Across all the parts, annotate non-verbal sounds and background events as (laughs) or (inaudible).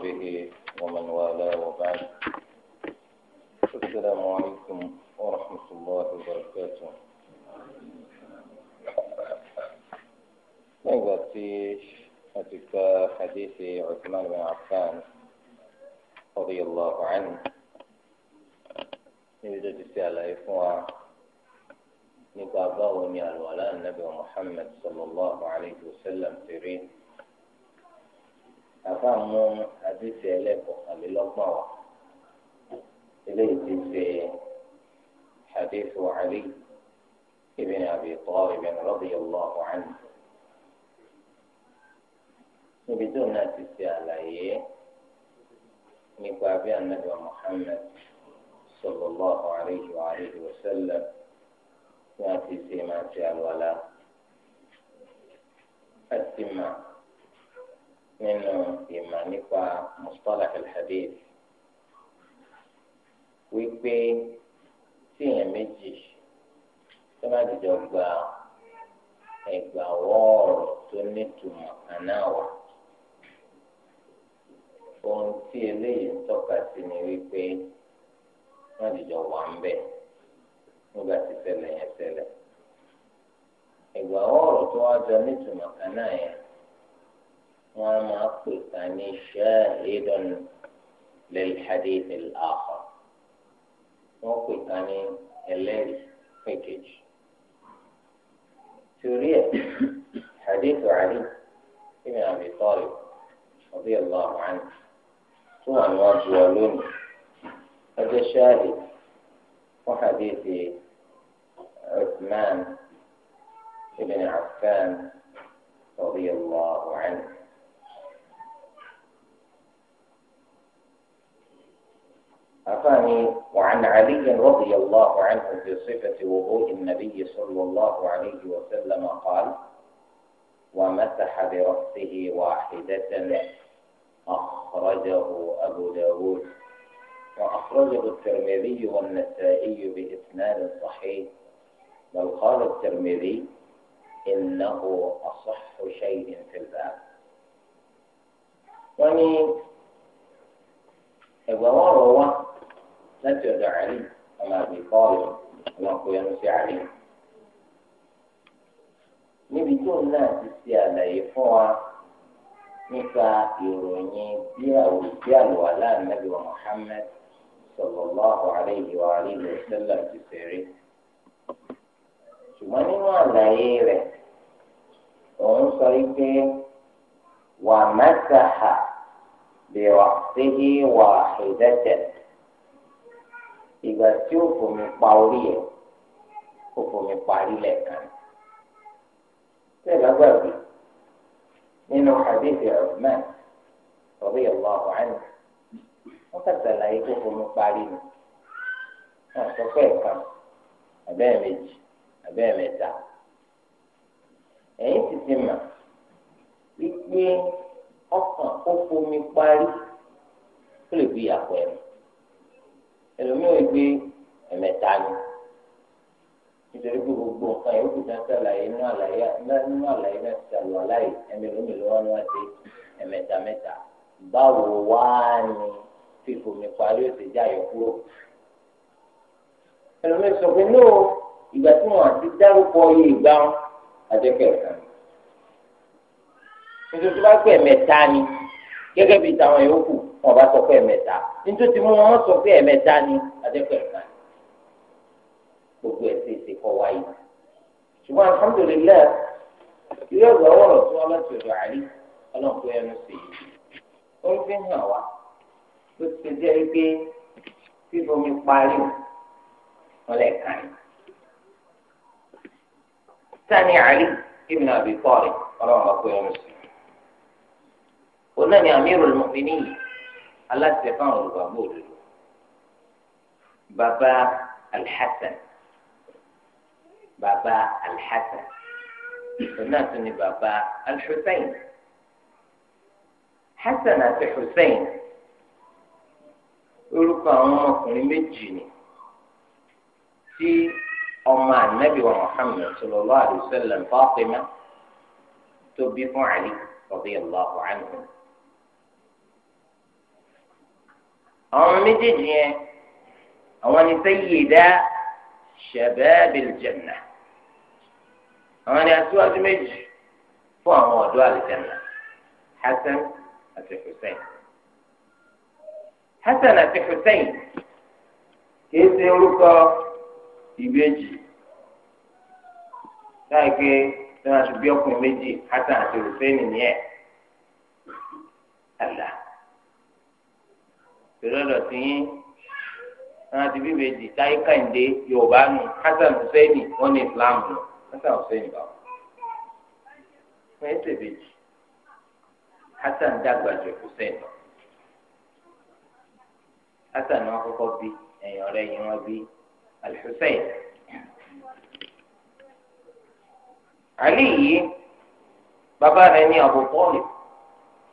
وصحبه ومن والاه وبعد السلام عليكم ورحمة الله وبركاته نغطي أتك حديث عثمان بن عفان رضي الله عنه يوجد على إخوة نقابة من الولاء النبي محمد صلى الله عليه وسلم تريه àbá mú àdìsí ẹlẹ́kọ̀ọ́kànlélọ́gbọ̀n wa eléyìí ti ṣe حديث علي بن أبي طالب رضي الله عنه بدون تسأل nípa bí anabi muhammed sallallahu alayhi wa alayhi wa sallam ní a ti ṣe máa ṣe àlùwalá àti máa nínú ìmọ̀ nípa mustalah al-hadith wípé tí èèyàn méjì tó bá dìjọ gba ẹgbà wọ́ọ̀rọ̀ tó nítumọ̀ kan náà wà ohun tí eléyìí ń tọ́ka sí ni wípé wọ́n dìjọ wà ń bẹ̀ nígbà tí ṣẹlẹ̀ yẹn ṣẹlẹ̀ ẹgbà wọ́ọ̀rọ̀ tó wá jọ nítumọ̀ kan وما قلت أني شاهد للحديث الآخر ما قلت أني إلي فكج سورية حديث علي بن أبي طالب رضي الله عنه ثم الواجه ولون هذا شاهد وحديث عثمان بن عفان رضي الله أفاني وعن علي رضي الله عنه في صفة وضوء النبي صلى الله عليه وسلم قال ومسح برأسه واحدة أخرجه أبو داود وأخرجه الترمذي والنسائي بإسناد صحيح بل قال الترمذي إنه أصح شيء في الباب ومن يعني، إبوار láti ọ̀dọ̀ àlè ọmọ àbí kọ́ọ̀lù ọlọ́pọ̀ yẹn sí àlè. níbi tó náà ti ṣe àlàyé fún wa nípa ìròyìn bí àwòrán àlùwàlá nàbí wa Muhammad sallallahu alayhi wa alihi wa sallam ti fèrè. ṣùgbọ́n nínú àlàyé rẹ̀ òun sọ wípé wàmẹ́sàhà bẹ̀rẹ̀ sí wàhídẹ́tẹ̀. ìgbà tí ó fòmí pa orí ẹ̀ ó fòmí parí lẹ́ẹ̀kan. Sẹ́ẹ̀lá gbàgbé nínú hadith Uthman radiyallahu anhu wọ́n kàtàlá yìí tó fòmí parí ni. Wọ́n sọ pé ẹ̀ka abẹ́ẹ̀ méjì abẹ́ẹ̀ mẹ́ta. Ẹ̀yin ti ti mà wípé ọkàn ó fòmí parí ó lè bí àpẹẹrẹ ẹlòmíràn yìí gbé ẹ̀mẹ̀ta ni nítorí pé gbogbo nǹkan yìí ó kù sáńsá àlàyé nínú àlàyé nínú àlàyé náà ti sàlù aláì ẹ̀mẹ̀lómìló wọn wá sí ẹ̀mẹ̀ta mẹ́ta báwo wá ni fífòmí parí ó ti já yọ kúrò ẹlòmíràn sọ pé ní o ìgbà tí wọn àti dárúkọ yìí ìgbà àjẹkẹ̀ kan nítorí tó bá pẹ̀ mẹ́ta ni gẹ́gẹ́ bíi tàwọn yòókù wọn bá sọ pé ẹ̀mẹ́ta nítorí tí mo wọn sọ pé ẹ̀mẹ́ta ni adẹ́kọ̀ ẹ̀ka gbogbo ẹ̀ ṣe ṣe kọ́ wáyé ṣùgbọ́n alhamdulilayi ilé ọ̀gá wọ̀rọ̀ tí wọ́n láti ọ̀dọ̀ àrí ọlọ́ọ̀kú ẹnu sí i ó ń fi hàn wá ó ti jẹ́ pé fífomi parí wọn lè kàn yín. sani àrí ibn Abi Talib ọlọ́ọ̀kú ẹnu sí i. ó náà ní amirul mu'minin aláṣẹ fáwọn olùgbàgbọ́ òdodo bàbá alḥasan bàbá alḥasan náà tún ni bàbá alḥusain hasan àti husain orúkọ àwọn ọmọkùnrin méjì ni tí ọmọ anabi wa muhammed sallallahu alayhi wa sallam Fatima tó bí fún ali radiyallahu anhu. àwọn ọmọ méjèèjì yẹn àwọn ni sayyida shababil janna àwọn ni aṣíwájú méjì fún àwọn ọ̀dọ́ àlùjànnà hasan àti hussein hasan àti hussein kìí ṣe orúkọ ìbejì láìpẹ́ tí wọ́n aṣọ méjì hasan àti hussein nìyẹn tòlọ́dọ̀ sí yín náà ti bí bèjì táyé kàǹdé yorùbá nù hasan husseini wọn ní islam nù hasan husseini báwo wọn yẹn ṣe bèjì hasan dàgbà jù hussein lọ hasan wọn kọ́kọ́ bí ẹ̀yìn ọ̀rẹ́ yìí wọn bí alhussein ali yìí bàbá rẹ̀ ní abu talib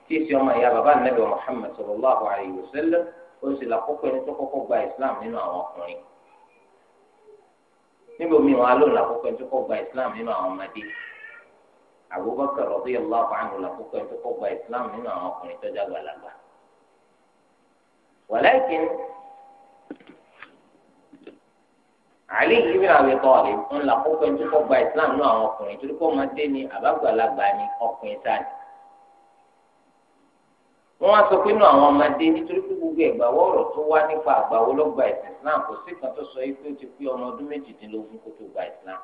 tí èsì ọmọ ìyá bàbá nàbẹ Muhammad sallallahu alayhi wa sallam ó sì làkókò ẹni tó kọ́kọ́ gba Islam nínú àwọn ọkùnrin níbo mi wọn alóòlù làkókò ẹni tó kọ́kọ́ gba Islam nínú àwọn ọmọdé Abubakar radiyallahu anhu làkókò ẹni tó kọ́kọ́ gba Islam nínú àwọn ọkùnrin tó dàgbà làgbà walakin Ali ibn Abi Talib ńlá kókó ẹni tó kọ́kọ́ gba Islam nínú àwọn ọkùnrin torí kó máa dé ní àbágbàlagbà ni ọkùnrin sáà ni. wọn wá sọ pé nù àwọn ọmọdé nítorí pé gbogbo ẹ̀gbàwọ́ ọ̀rọ̀ tó wá nípa àgbàwọ́ lọ́gbà islam kò sí kan tó sọ yìí pé ti pé ọmọ ọdún méjìdínlógún kó tó islam.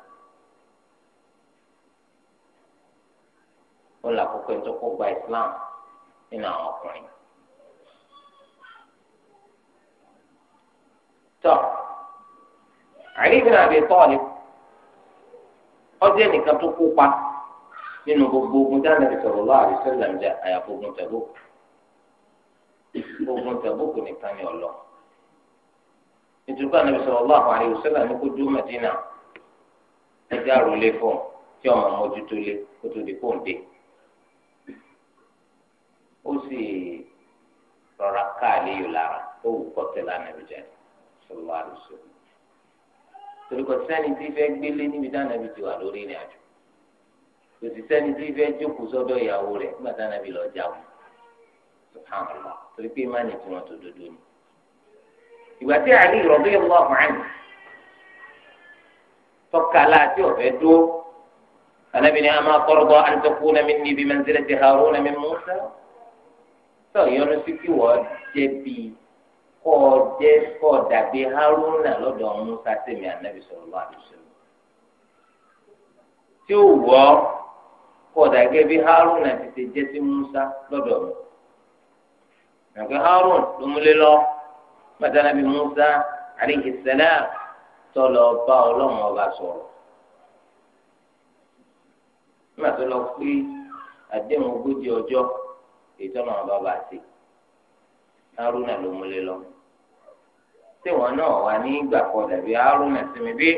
ó là kókó kó islam nínú àwọn ọkùnrin. tọ́ Ali bin Abi Talib ẹnìkan tó kópa nínú gbogbo ogun tí a ogun tẹ̀bùkù nìkan ni ọ̀lọ́ nítorí Ànábì sallallahu alaihi wasallam ní kó dúró Mẹ́dínà ẹgbẹ́ àròlé fún tí ọmọ mójútó lé kó tó di kóńdé ó sì rọra káàlì yìí lára ó wù kọ́tẹ́ lánàá ìjà sallallahu alaihi wasallam torí kò sẹ́ni tí fẹ́ gbélé níbi dáná ibi ti wà lórí ìrìn àjò kò sì sẹ́ni tí fẹ́ jókòó sọ́dọ̀ ìyàwó rẹ̀ nígbà dáná ibi lọ́ọ́ jáwọ́ subhanallah torí pé má ní tiwọn tó dodo ni ìgbà tí àlè ìrọ̀lẹ́ yẹn wà fún àyìn tọ́kàlá àti ọ̀fẹ́ dúró anábìnrin àmà kọ́rọ́bọ́ àǹtọ́kù nàmi níbi mẹ́ńsílẹ̀ ti hàrú nàmi mọ́sá tó yọnu sí kí wọ́n jẹ̀bi kọ́ jẹ́ kọ́ dàbí haruna lọ́dọ̀ musa tèmi ànábì sọ̀rọ̀ tí ó wọ́ kọ́ dàgẹ́ bí haruna ti musa lọ́dọ̀ musa. nke harun ló múlẹ̀ lọ pàtàkì nàbí musa alayhi salam tọlọ bá ọba sọ̀rọ̀ nígbà tó lọ pé àdéhùn ogójì ọjọ́ ìtọ́nà ọba bá ti haruna ló múlẹ̀ lọ tí wọn náà wà ní ìgbà kan dàbí haruna sinmi bí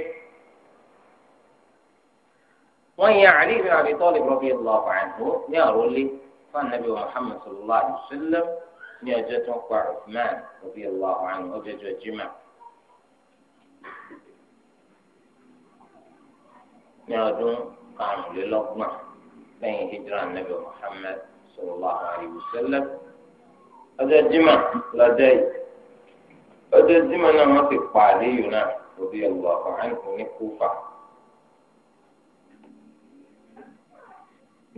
wọn yẹ Ali ibn Abi Talib radiyallahu anhu ní àròlé fún anabi Muhammad sallallahu alayhi wa sallam. ní ọjọ́ tó ń pa Uthman òbí ọlọ àwọn àrùn ọjọjọ jimá ní ọdún karùnlélọ́gbọ̀n lẹ́yìn hijra nabi Muhammad sallallahu alayhi wa sallam ọjọ́ jimá lọ́jọ́ yìí ọjọ́ jimá náà wọ́n ti pa Aliyu náà òbí ọlọ àwọn ní Kúfà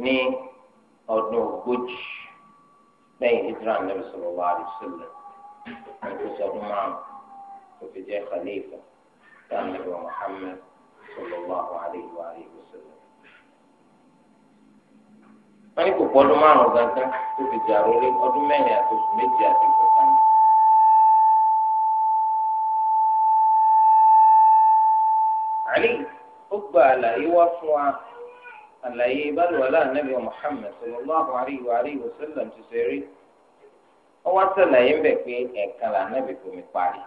ní ọdún ogójì. lẹ́yìn hijra nabi sallallahu alaihi wasallam àtúnṣe ọdún márùn tó fi jẹ́ khalifa dáa nabi muhammed sallallahu alaihi wa alihi wasallam. wọ́n ní kò pọ̀ ọdún márùn gangan tó fi jẹ́ àròlé ọdún mẹ́rin àti oṣù méjì àti ìkọ̀kan. àlè ó gba àlàyé wá fún wa. àlàyé ìbálòwàlà nàbì Muhammad sallallahu alayhi wa alayhi wa sallam ti ṣe rí wọ́n wá sàlàyé ń bẹ̀ pé ẹ̀ẹ̀kan là nàbì fomi parí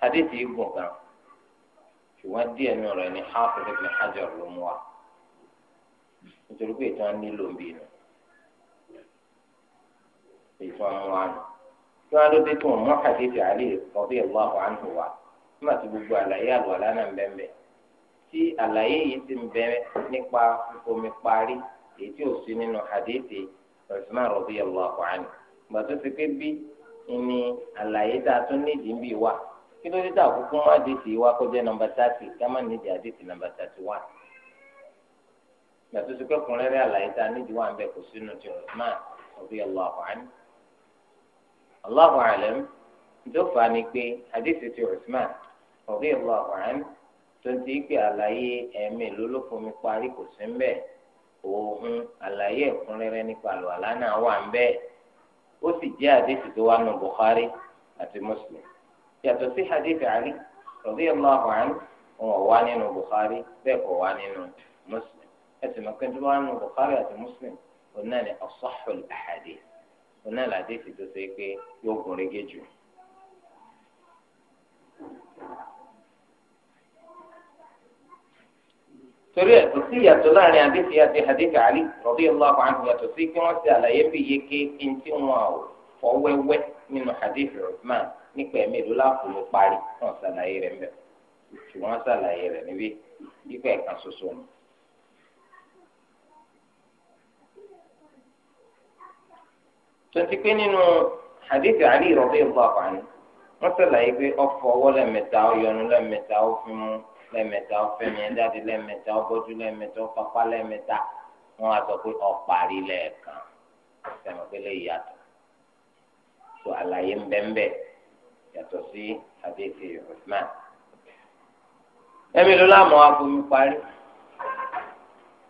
hadith yìí gùn gan ṣùgbọ́n díẹ̀ nù rẹ̀ ní hafi ibn Hajar ló mú wa nítorí pé ìtàn nílò ń bínú ìtàn mú wa nù kí wọ́n ló dé tó mú hadith Ali radiyallahu anhu wa nígbà tí gbogbo àlàyé àlùwàlà náà ń bẹ́ẹ̀ bẹ́ẹ̀ tí àlàyé yìí ti ń bẹ̀rẹ̀ nípa omi parí èyí tí ò sí nínú hadithi Usman radiyallahu anhu ìgbà tó ti pé bí ni àlàyé tá a tún nídìí ń bì wá kí ló dé tá àkókò wọn àdìsí wa kó jẹ́ nọ́mbà tààtì ká má nídìí àdìsí nọ́mbà tààtì wá ìgbà tó ti pé kùnrẹ́rẹ́ àlàyé tá a nídìí wá ń bẹ kò sínú ti Usman radiyallahu anhu Allahu a'lam tó tonti ikpe àlàyé ẹ̀mí lólófin mi parí kò sí mbẹ òun àlàyé ẹ̀kúnrẹ́rẹ́ nípa àlùwàlá náà wà mbẹ ó sì jẹ́ àdéhùn tó wà nù Bukhari àti Muslim yàtọ̀ sí hadith Ali radiyallahu anhu òun ọ̀wá nínú Bukhari bẹ́ẹ̀ kọ̀ wá nínú Muslim ẹ̀sìn mọ̀kẹ́ tó wà nù Bukhari àti Muslim òun náà ni asahhul ahadith òun náà làdéhùn tó ṣe pé yóò gùn régé jù. torí ẹ kò sí ìyàtọ̀ láàrin àdéhìí àti àdéhìí àlì radiyallahu anhu yàtọ̀ sí kí wọ́n ti àlàyé bí iye kéèké tí wọn ò fọwẹ́wẹ́ nínú àdéhìí Uthman nípa ẹ̀mí ló láàfọlọ́ parí wọn ṣàlàyé rẹ̀ mẹ́ ṣùgbọ́n ṣàlàyé rẹ̀ níbí nípa ẹ̀ka ṣoṣo ni. tonti pé nínú àdéhìí àlì radiyallahu anhu wọn ṣàlàyé pé ọ̀fọ̀ ọwọ́ lẹ́mẹ̀ta ọ̀yọ́nu lẹ́ẹ̀mẹ́ta ọ̀fẹ́mi ẹ̀ jáde lẹ́ẹ̀mẹ́ta ọ̀bọ́jú lẹ́ẹ̀mẹ́ta ọ̀pápá lẹ́ẹ̀mẹ́ta wọ́n á sọ pé ọ̀parí lẹ́ẹ̀kan sẹ́mi pé lè yàtọ̀ tó àlàyé ń bẹ́ẹ̀ bẹ́ẹ̀ yàtọ̀ sí àdéhùn Usman. ẹ̀mí ló lámọ̀ àfomi parí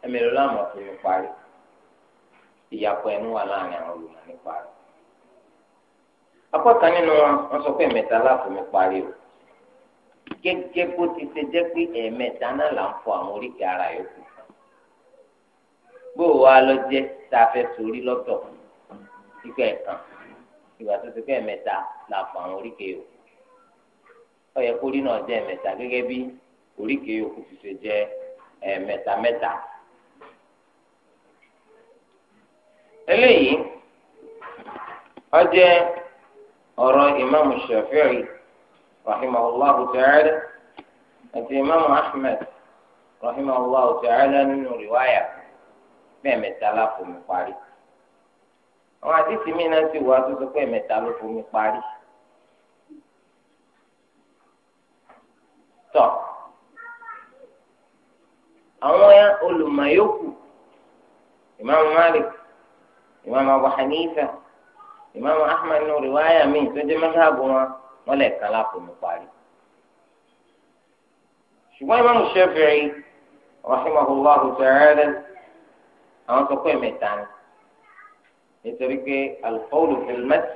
ẹ̀mí ló lámọ̀ àfomi parí ìyàpọ̀ ẹnu wà láàrin àwọn olùmọ̀ nípa rẹ̀. apá kan nínú wọn wọ́n sọ gẹ́gẹ́ bó ti ṣe jẹ́ pé ẹ̀ẹ̀mẹ́ta náà là ń fọ àwọn oríkèé ara yòókù bó o wá lọ jẹ́ tá a fẹ́ sórí lọ́tọ̀ ikú ẹ̀kan ìgbà tó ti pé ẹ̀ẹ̀mẹ́ta là fọ àwọn oríkèé yòókù ó yẹ kórìí náà jẹ́ ẹ̀ẹ̀mẹ́ta gẹ́gẹ́ bí oríkèé yòókù ti ṣe jẹ́ ẹ̀ẹ̀mẹ́ta mẹ́ta. eléyìí ó jẹ́ ọ̀rọ̀ ìmáàmù Ṣafi'i. رحمه الله تعالى أنت إمام أحمد رحمه الله تعالى من رواية بهم التلاف من قاري وعديث من أنت واسوس بهم التلاف من قاري طب أولا أولو ما يوكو إمام مالك إمام أبو حنيفة إمام أحمد من رواية من تجمعها بمعنى wọ́n lẹ̀ kan láàpò mi parí. ṣùgbọ́n Imam Shafi'i rahimahullahu ta'ala àwọn sọ pé mẹ́ta ni nítorí pé al-qawlu fil-mass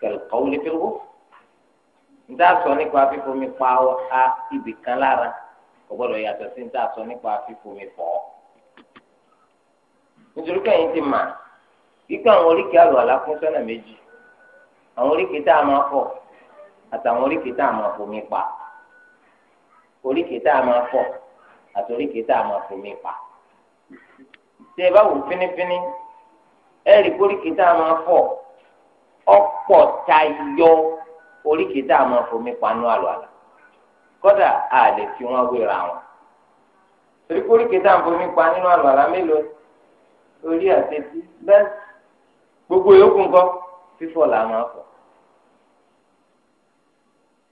kal-qawli fil-ghusl níta sọ nípa fífomi pa á ibì kan lára kò gbọ́dọ̀ yàtọ̀ sí níta sọ nípa fífomi fọ̀ ọ́ nítorí kẹ́yìn ti mà kíkọ́ àwọn oríkèé àlọ́ àlá fún méjì àwọn oríkèé tá a máa fọ̀ àtàwọn oríkèé tá a máa fomi pa oríkèé tá a máa fọ àti oríkèé tá a máa fomi pa tí ẹ bá wò fínífíní ẹ rí oríkèé tá a máa fọ ọ̀pọ̀ tayọ oríkèé tá a máa fomi pa nú àlọ àlà kódà a lè fi wọn wéra wọn torí oríkèé tá fomi pa nínú àlọ àlà mélòó orí àti etí bẹ́ẹ̀ gbogbo yòókù ńkọ́ fífọ̀ là máa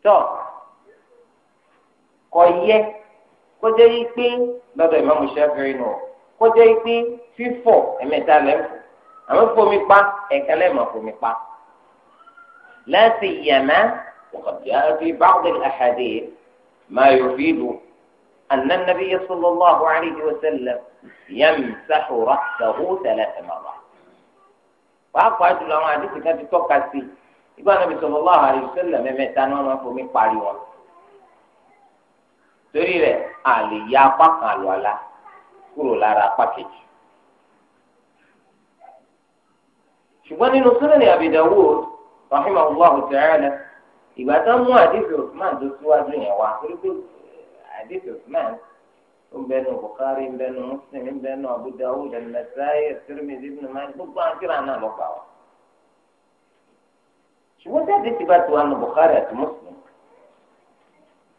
tọ́ kọ yẹ kó jẹ́ yí pé lọ́dọ̀ ìmọ̀ mọ̀ṣẹ́ fẹ́rẹ́ nù kó jẹ́ yí pé fífọ̀ ẹ̀mẹ́ta lẹ́fọ̀ àmọ́ fomi pa ẹ̀kan lẹ́ẹ̀mọ̀ fomi pa láti yàmá ọ̀kọ̀dá fi àhàdé máa yọ fi lù أن النبي صلى الله عليه وسلم يمسح رأسه ثلاث مرات. وأقعد لهم عندي كتاب توكاسي ìgbà nàbì sallallahu alaihi wasallam mẹ́mẹ́ta ni wọ́n máa fomi parí wọn torí rẹ̀ a lè ya apá kan àlùwàlá kúrò lára apá kejì ṣùgbọ́n nínú Sunani Abi Dawud rahimahullahu ta'ala ìgbà tó ń mú àdìsí Usman tó síwájú yẹn wá torí pé àdìsí Usman ó ń bẹnu Bukhari ń bẹnu Muslim ń bẹnu Abu Dawud an-Nasa'i Tirmidhi Ibn Majah gbogbo àti rànà ṣùgbọ́n jáde ti bá ti wà nù Bukhari àti Muslim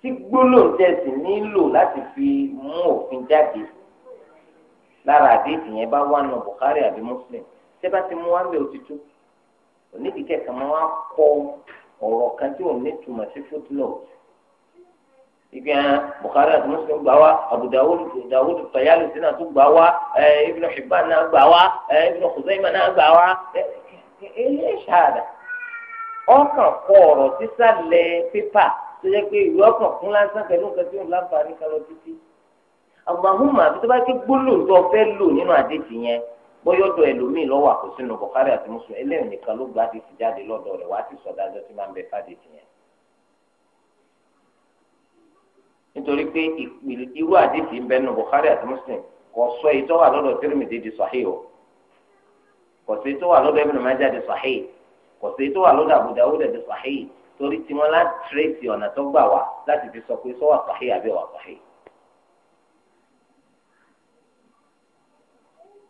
tí gbólóhùn tẹ̀sí nílò láti fi mú òfin jáde lára àdéhùn yẹn bá wà nù Bukhari àbí Muslim tẹ́ bá ti mú wá lé òtítọ́ onídìíkẹ́ kan máa wá kọ ọ̀rọ̀ kan tí òun ní túmọ̀ sí footnote ibi hàn Bukhari àti Muslim gbà wá Abu Dawud Dawud Tayalisi tún gbà wá Ibn Hibban náà gbà wá Ibn Khuzaimah náà gbà wá ẹ ẹ ẹ ṣáàdà. ọkàn kọ ọ̀rọ̀ sísàlẹ̀ pépà tó yẹ pé ìwé ọkàn fún lásán pẹ̀lú nǹkan tí òun láǹfààní lọ títí. àgbàhùnmá àbí tó bá ké gbólóòtú ọ̀fẹ́ lò nínú àdéjì yẹn bọ́yọ̀dọ̀ ẹlòmíì lọ́wọ́ àkóso àti nìkan ló gba àdéjì jáde wá ti sọ tí máa ń bẹ sọ èyí tó wà o kò sí tó wà kò sí tó wà lọ́dọ̀ àbúdá ó dẹ̀ fi sàhíì torí tiwọn láti tírèsì ọ̀nà tó gbà wá láti fi sọ pé sọ́wọ́ sàhíì àbí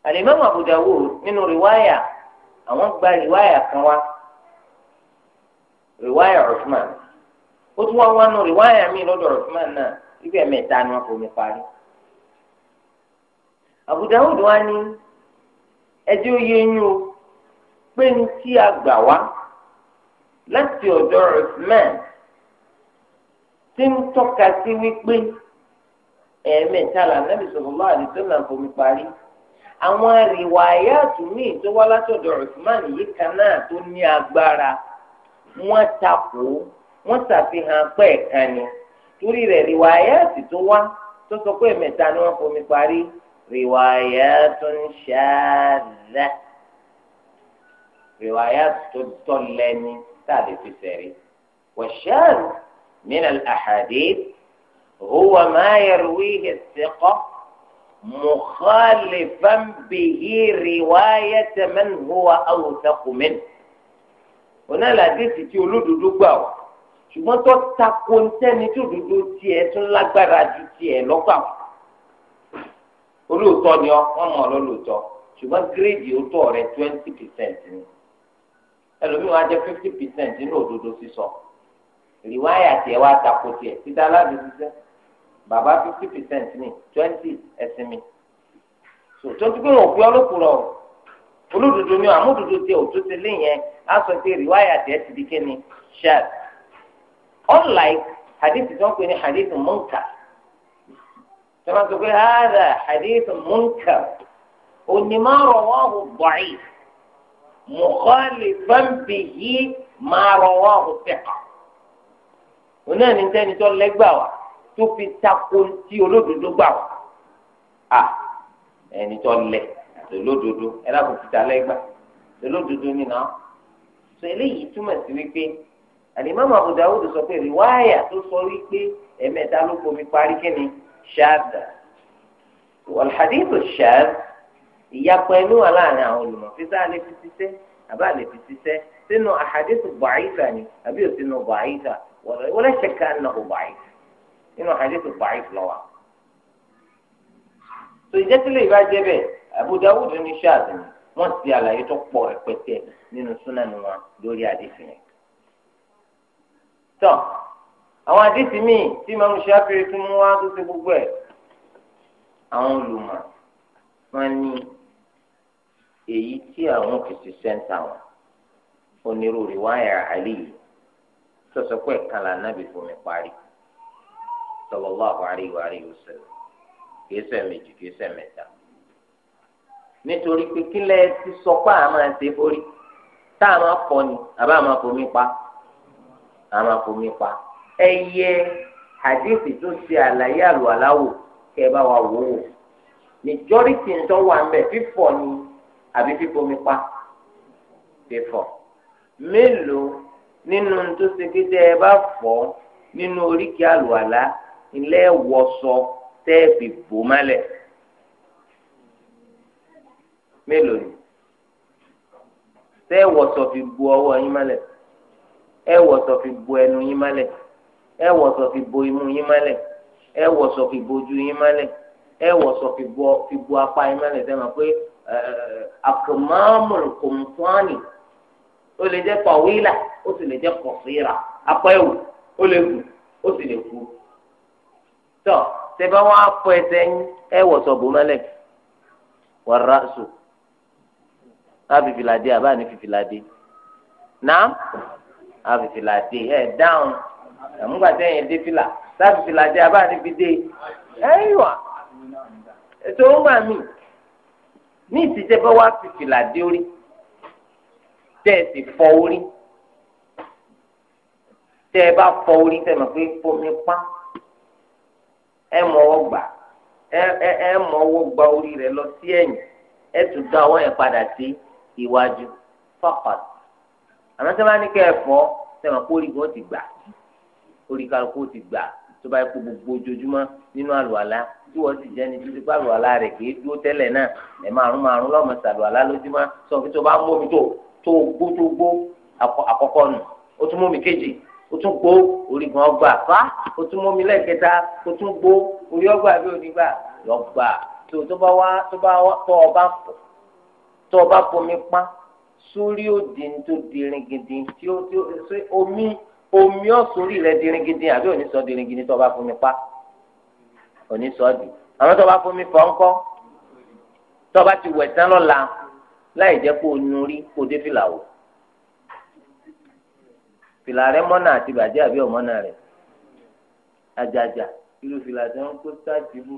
Abu nínú rìwáyà àwọn gba rìwáyà kan wá rìwáyà Uthman ó tún wá nù rìwáyà lọ́dọ̀ náà ibẹ̀ mẹ́ta ni parí. ní pé ní tí a gbà wá láti ọ̀dọ̀ Usman tí ń tọ́ka sí wípé ẹ̀ẹ̀mẹ́ta lànàbì sallallahu alaihi wasallam fomi parí àwọn àríwáyà àtúnmí tó wá látọ̀dọ̀ Usman yìí kan náà tó ní agbára wọ́n takò wọ́n ṣàfihàn pẹ́ẹ́kan ni torí rẹ̀ àríwáyà àti tó wá tó sọ pé ẹ̀ẹ̀mẹ́ta ni wọ́n fomi parí àríwáyà tó ń ṣáàdá riwayat tó tọ́lẹ́ni tá a lè fi sẹ̀rí. wàṣẹ́rù min al-ahadith huwa ma yarwihi thiqa mukhalifan bihi riwayat man huwa awthaqu minhu. onáàlà àdéhìí tí olódodo gbà wá ṣùgbọ́n tó tako ntẹ́ni tó dodo tiẹ̀ tún lágbára ju tiẹ̀ lọ́gbà wá olóòótọ́ ni ọ wọ́n mọ̀ ọ́ lọ́lọ́ọ̀tọ́ ṣùgbọ́n gírèdì òótọ́ rẹ̀ twenty percent ni ẹlòmíì wọn á jẹ fifty percent nínú òdodo sísọ rìwáyà tiẹ̀ wá tako tiẹ̀ títa aláàbíṣiṣẹ́ bàbá fifty percent ní twenty ẹ̀sìn mi so tó ti pé wọn ò pé ọlọ́kùnrin ọ̀ olódodo ni àmúdodo tiẹ̀ òtún ti lé yẹn á sọ pé rìwáyà tiẹ̀ ti di kéne ṣáàt unlike hadith tó ń pè ní hadith munkar tó máa sọ pé hàdà hadith munkar onímọ̀ ọ̀rọ̀ wọn ò bọ̀ yìí mukhalifan bihi ma rawahu thiqa òun náà ní sẹ́ni tó lẹ́gbàá wa tó fi tako ti olódodo gbà wa a ẹni tó lẹ̀ lolódodo ẹ lábò fìtà lẹ́gbà lolódodo nínà sọ eléyìí túmọ̀ sí wípé alimami Abu Dawud sọ pé riwaya tó sọ wípé ẹ̀mẹ́ta ló fomi parí kí ni ṣáàdà wal hadithu ṣáàdà ìyapọ̀ ẹnu wà láàrin àwọn olùmọ̀ fífẹ́ alẹ́ fi ṣiṣẹ́ àbá alẹ́ fi ṣiṣẹ́ sínú àhàdìsù bàáyíṣà ni àbí ò sínú bàáyíṣà wọlé ṣẹ̀ka ẹ̀nà kò bàáyíṣà nínú àhàdìsù bàáyíṣà lọ́wọ́. tó ìjẹ́sílẹ̀ ìbájẹ́ bẹ́ẹ̀ Abu Dawud ní ṣáàtì ni wọ́n ti àlàyé tó pọ̀ rẹpẹtẹ nínú súnánù wọn lórí àdìsí yẹn. tọ́ àwọn àdìsí míì tí mọ̀mú ṣáfìrí tún wá tó ṣe gbogbo ẹ̀ àwọn olùmọ̀ wọn ní èyí tí àwọn fi sẹ́ńtà wọn onírúurú wáyà àlè yìí ẹ̀ka là nábì parí sallallahu alaihi wa alihi wasallam kìí méjì kìí nítorí sọ borí tá a ni àbá a máa fomi pa a máa fomi pa ẹyẹ àdéhùn tó ṣe àlàyé àlùaláwò kẹ bá wa wò ó ń tọ́ ni. àbí fífomi pa lè fọ̀ mélòó nínú tó ṣe pé tẹ́ ẹ bá fọ̀ nínú oríkì àlùwàlá ilé wọṣọ tẹ́ ẹ fi bò mọ́lẹ̀ mélòó ni tẹ́ ẹ wọṣọ fi bo ọwọ́ yín mọ́lẹ̀ ẹ wọṣọ fi bo ẹnu yín mọ́lẹ̀ ẹ fi bo imú yín mọ́lẹ̀ ẹ fi bo yín mọ́lẹ̀ ẹ fi bo apá yín mọ́lẹ̀ sẹ́wọ̀n pé àkùnmọ́mùl eh, kùnfọ́nì ó lè jẹ́ pọ̀wílà ó sì lè jẹ́ pọ̀fìrà apẹ́wù o lè gùn ó sì lè kú. tọ́ tẹ́bá wọn á fọ ẹsẹ̀ yín ẹ wọ̀ sọ̀bù mọ́lẹ̀ wọ́n ra sùn á fi fìlà dé àbá ní fi fìlà dé náà á fi fìlà dé ẹ̀ dáhùn àmúgbà tẹ́yìn dé fìlà sáà fi fìlà dé àbá ní fi dé ẹ̀yìn ètò ó mà ní ìsìtẹ́ bá wá fi fìlà dé orí tẹ́ ẹ sì fọ orí tẹ́ ẹ bá fọ orí tẹ́ ẹ mọ̀ pé fomi pa ẹ mọ ọwọ́ gbà ẹ ẹ ẹ mọ ọwọ́ gba orí rẹ lọ sí ẹ̀yìn ẹ tún dá ọwọ́ yẹn padà sí iwájú fọkàn àmọ́ sẹ́ máa ní kẹ́ ẹ fọ́ tẹ́ ẹ mọ̀ pé orí kan ti gbà orí kálukú ti gbà tó bá yẹ kó gbogbo ojoojúmọ́ nínú àlùwàlá tí wọ́n sì jẹ́ni tó ti pa àlù àlá rẹ̀ kìí dúró tẹ́lẹ̀ náà ẹ̀ márùn márùn lọ́mọ sàlù àlá lójúmọ́ sọ fún tó bá ń mómi tó tó gbó tó gbó àkọ́kọ́ nù ó tún mómi kejì ó tún gbó orígun ọgbà fa ó tún mómi lẹ́ẹ̀kẹta ó tún gbó orí ọgbà bí onígbà lọ́gbà tó tó bá wá tó bá wá tó ọba pọ̀ tó ọba bomi pa sórí òdì tó dirin gidi tí ó omi omi ọ̀sórí rẹ̀ dirin gidi àbí òní òní àwọn tó bá fún mi fọ́ ńkọ́ tó bá ti wẹ̀ tán lọ́la láì jẹ́ kó o nu rí kó o dé fìlà wò fìlà rẹ mọ́nà àti bàjẹ́ àbí ọ̀mọ́nà rẹ̀ àjàjà irú fìlà tí wọ́n kó sáàtì bú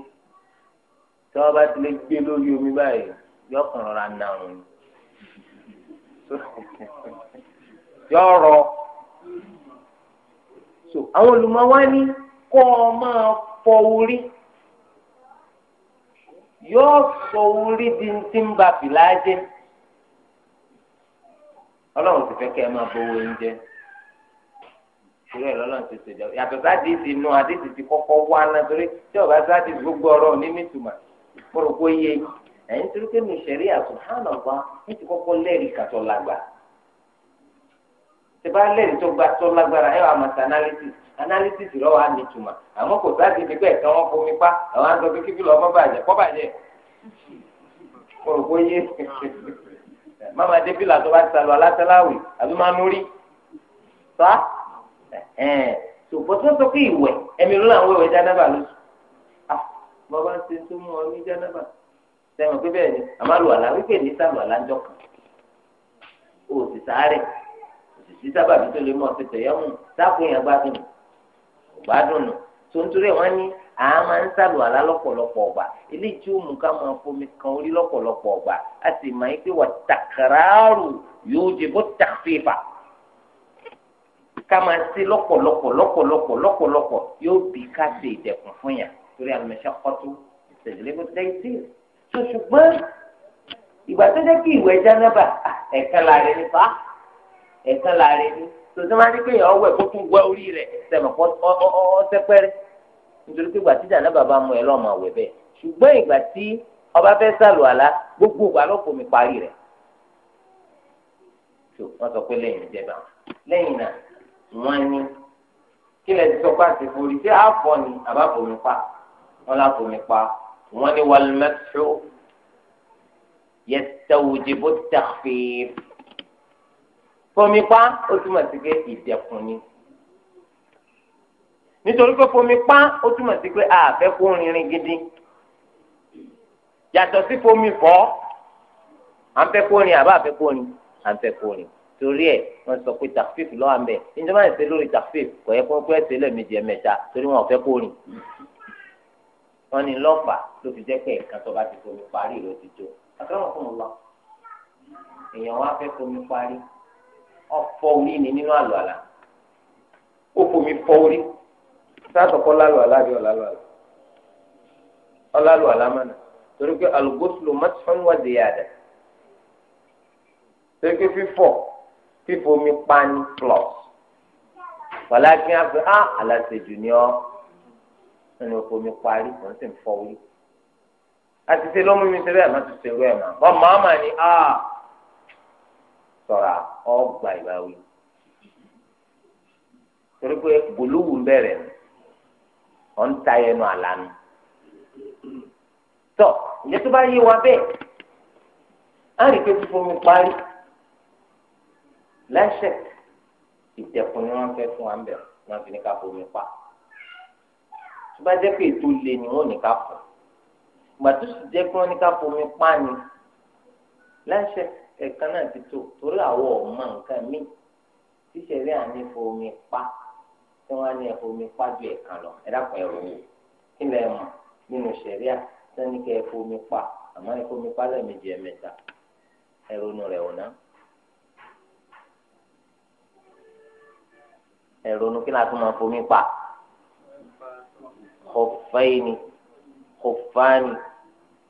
tí wọ́n bá ti lè gbé lórí omi báyìí yọ kàn rọra nàrùn (laughs) yọ rọ so àwọn olùmọ̀ wá ní kó o máa fọ orí yóò sọ orí di ti ń ba fìlà jẹ ọlọ́run ti fẹ́ kẹ́ ẹ máa bọ̀wọ̀ oúnjẹ ìrẹ́ lọ́lọ́run ti ṣèjọ yàtọ̀ sáàdì ti nu àdìsí ti kọ́kọ́ wá ná torí tí ọba sáàdì gbogbo ọ̀rọ̀ ní nítumà kúrò kó yé ẹ̀yin torí pé nu ìṣẹ̀rí àtúnhánà wa ní ti kọ́kọ́ lẹ́rìí kàtọ́ lágbà tí bá lẹ́rìí tó gbà tó lágbára ẹ̀ wà mọ̀tánálítì analysis lọ wà ní ìtumọ̀ àmọ́ kò sáà ti di pé ẹ̀ka wọn fomi pa àwọn àgbẹ̀ pé kíkí lọ ọmọ bàjẹ́ kọ́ bàjẹ́ mo rò mama débìlà tó bá ti sàlù alátẹ́láwì àbí máa núrí sá ẹ̀ẹ́n ṣùgbọ́n tí wọ́n sọ pé ìwẹ̀ ẹ̀mí ló làwọn ìwẹ̀ jánábà ló sùn bàbá ṣe tó mú ọ ní jánábà sẹ́wọ̀n pé bẹ́ẹ̀ ni àmàlù àlá wípé ní sàlù àlájọ́ kan o sì sáré o sì sí sábàbí tó lè mọ̀ ọ́ ti mú sáàpù yẹn gbádùn gbádùn nù tontorí ẹ̀ a ní à máa ń sàlù àlá lọ́pọ̀lọpọ̀ ọ̀gbà eléyìí tí ó mú ká máa fomi kan orí lọ́pọ̀lọpọ̀ ọ̀gbà a sì máa ń pè wà tàkàràrù yóò jẹ bó tàfífà ká máa sí lọ́pọ̀lọpọ̀ lọ́pọ̀lọpọ̀ lọ́pọ̀lọpọ̀ yóò bí ká ṣe ìdẹ̀kùn fún yàn torí àlùmọ̀ṣẹ́ kọ́tù ìṣèlérí bó tẹ́ sí so ṣùgbọ́n ìgbà tó jẹ́ kí ìwẹ̀ jánábà ẹ̀kan láàrin nípa ẹ̀kan láàrin nípa tòtí máa ní kéèyàn ọwọ́ ẹ̀ kó tún wá orí rẹ̀ sẹ́mọ̀ kọ́ ọ́sẹ́ pẹ́rẹ́ nítorí pé ìgbà tíjà náà bàbá mu ẹ̀ lọ́mọ àwẹ̀ bẹ́ẹ̀ ṣùgbọ́n ìgbà tí ọba fẹ́ sàlù àlá gbogbo ìgbà ló fòmí parí rẹ̀ tó wọ́n sọ pé lẹ́yìn ìjẹba lẹ́yìn náà wọ́n ní kí lẹ́ẹ̀ ti sọ pé àti forí sí àfọ ni àbá fòmí pa wọ́n lá fòmí pa wọ́n ní wàlúmẹ́tò yẹ fomi pa ó túmọ̀ sí pé ìdẹ̀kùn ni nítorí pé fomi pa ó túmọ̀ sí pé àfẹ́ kó rinrin gidi yàtọ̀ sí fomi fọ́ à ń fẹ́ kó rin àbá àfẹ́ kó rin à ń fẹ́ kó rin torí ẹ wọn sọ pé takfif lọ́wọ́ àmbẹ̀ ìjọba ẹ̀sẹ̀ lórí takfif kò yẹ kó pé ẹ̀sẹ̀ lẹ́ẹ̀mejì ẹ̀mẹ́ta torí wọn ò fẹ́ kó rìn wọn ni lọ́fà ló fi jẹ́ pé ẹ̀ka ti fomi parí ló ti jó àtọ́wọ́n fún un lọ èèyàn wá fẹ́ fomi parí ọfọ orí ni nínú àlọ àlà ó fomi fọ orí sátọkọ lálọ àlà àbí ọlálọ àlà ọlálọ àlà mọnà torí pé alùgbòsùlù mọtìfọn wà dé yàdà torí pé fífọ fífomi pani plus wàlákin àfi á àlàsèjù ni ọ ẹni òfomi parí wọn sì ń fọ orí àti ṣe lọ́mú mi ṣe bẹ́ẹ̀ má ti ṣe rú ẹ̀ mọ́ ọ màmá ni á. Ah sọ̀ra ọgbà ìbáwí torí pé gbólóhùn ń bẹ̀rẹ̀ ọ̀ ń ta ẹnu àlànà tọ́ ìyẹn tó bá yé wa bẹ́ẹ̀ á rí pé fífún mi parí lẹ́sẹ̀ ìdẹ̀kùn ni wọ́n fẹ́ fún wa ń bẹ̀rẹ̀ wọ́n fi ní ká fomi pa tó bá jẹ́ pé ètò le ni wọ́n ní ká fún ìgbà jẹ́ pé wọ́n ní ká fomi pa ni lẹ́sẹ̀ ẹ̀ka náà ti tó torí àwọ̀ ọ̀ma nǹkan mí tíṣẹ̀rí àní fomi pa tí wọ́n á ní ẹ̀fomi pa ju ẹ̀ka lọ ẹ̀dàpọ̀ ẹ̀rọ wò kí lẹ́ mọ̀ nínú ṣẹ̀ríà sẹ́ni kẹ́ ẹ̀fomi pa àmọ́ ẹ̀fomi pa lẹ́ẹ̀mejì ẹ̀mẹ́ta ẹ̀rọnù rẹ̀ wò ná. kí láti máa fomi pa kọfẹ́ni kọfẹ́ni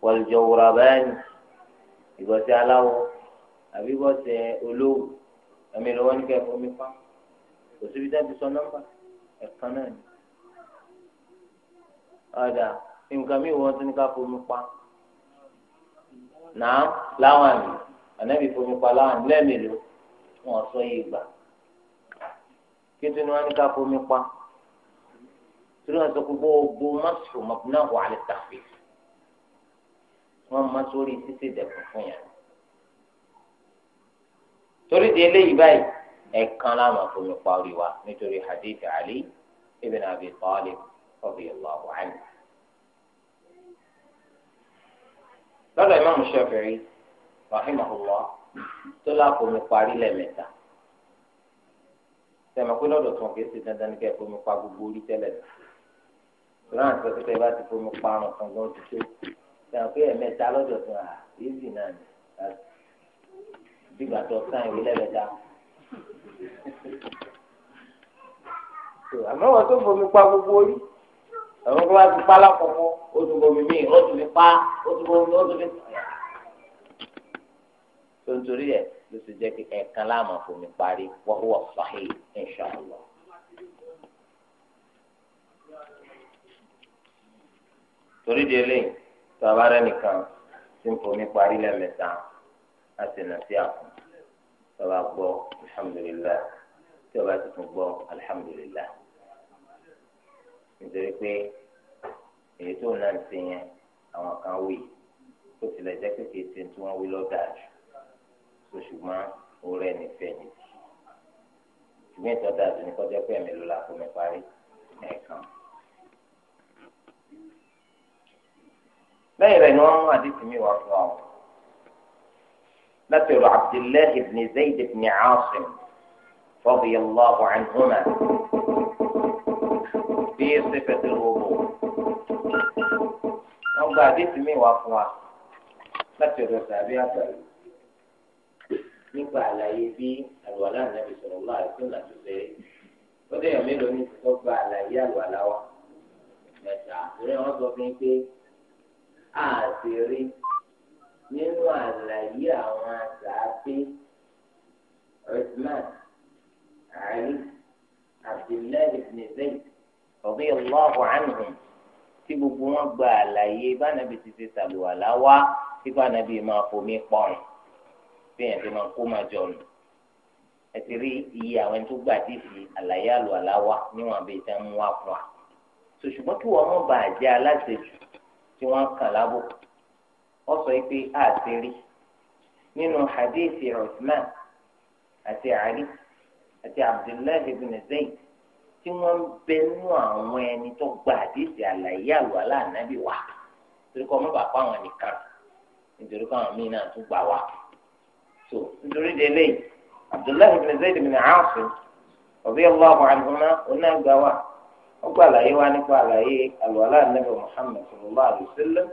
wàlùjọ wùrà ìgbọ̀nsẹ̀ aláwọ̀ àbí bọ́sẹ̀ olówó ẹ̀mí lọ́wọ́ ní kẹ́kọ̀ọ́ mi pa kò síbi dábì sọ nọ́mbà ẹ̀kan náà ni. ọ̀dà nǹkan mi wọ́n tún ní ká fomi pa náà láwọn àmì ànábì fomi pa láwọn àmì lẹ́ẹ̀mẹ́lò wọn sọ yìí gbà kí tún ní wọn ní ká fomi pa torí wọn sọ pé gbogbo mọ́sùlùmọ́ náà wà á lè tàfé wọn mọ́ sórí títí dẹ̀kun fún yàrá torí di eléyìí báyìí ẹ̀ẹ̀kan láwọn fomi parí wa nítorí hadith Ali ibn Abi Talib radiyallahu anhu. lọ́dọ̀ Imam Shafi'i rahimahullah tó láfomi parí lẹ́ẹ̀mẹ́ta tẹmọ pé lọ́dọ̀ tó ń ké ṣe dandan ní kẹ́ fomi pa gbogbo orí tẹ́lẹ̀ náà ìran àti pẹpẹtẹ bá ti fomi pa àrùn kan gan tuntun tẹmọ pé ẹ̀mẹ́ta lọ́dọ̀ tó ń hà ézì náà ni bígbà tó sáà ìwé lẹ́gbẹ̀ta. àmọ́ wọn tó fomi pa gbogbo orí àwọn kó bá ti pa lákòókò ó tún fomi míì ó tún fi pa ó tún fomi ó tún fi tàn. tó ń torí ẹ̀ ló ti jẹ́ kí ẹ̀ẹ̀kan láàmú fomi parí wọ́n wọ̀ fàáyé insha Allah. torí di eléyìí tó a bá rẹ nìkan tí ń fomi parí lẹ́ẹ̀mẹ́ta a sì nà sí àpò tọba gbọ́ alhamdulilah tọba tuntun gbọ́ alhamdulilah nítorí pé èyí tó náà ń ṣe yẹn àwọn kan wí tó tilẹ̀ jẹ́ pé kìí ṣe tí wọ́n wí lọ́dà jù ṣùgbọ́n orí ẹni fẹ́ ni ṣùgbọ́n ìtọ́jà jù ní kọjá pé ẹ̀mí ló la kó mi parí ẹ̀ẹ̀kan. lẹ́yìn rẹ̀ ni wọ́n mú àdìsí mi wá fún wa نثر عبد الله بن زيد بن عاصم رضي الله عنهما في صفة الوضوء أو بعد اسمي وأقوى نثر الرسالة نفع على يدي الولاء النبي صلى الله عليه وسلم في الزيت وده يميل أن يتوقع عليه الولاء نشعر ونصف من في آسيري nínú àlàyé àwọn àgbàgbé Uthman Ali Abdullahi ibn Zayd radiyallahu anhum tí gbogbo wọn gba àlàyé bánabi ti ṣe sàlùwàlá wá tí bánabi máa fomi pọ̀n bí èèyàn ti máa kó máa jọ nù ẹ ti rí iye àwọn ẹni tó gbà tí fi àlàyé àlùwàlá wá níwọ̀n abẹ́ ìta mú wá fún wa ṣùgbọ́n kí wọ́n mọ̀ bàjẹ́ aláṣejù tí wọ́n kàn lábùkù wọ́n sọ pé àti rí nínú hadithi Uthman àti Ali àti Abdullahi ibn Zayd tí wọ́n ń bẹnu àwọn ẹni tó gba àdéhìí àlàyé àlùwàlá ànábì wá torí kọ́ mọ́bà pa àwọn nìkan nítorí kọ́ àwọn míín náà tún gbà wá. so nítorí délé Abdullahi ibn Zayd ibn Asim radiyallahu anhuma oná gbà wá ó àlàyé wá nípa àlàyé àlùwàlá ànábì Muhammad sallallahu alaihi wasallam.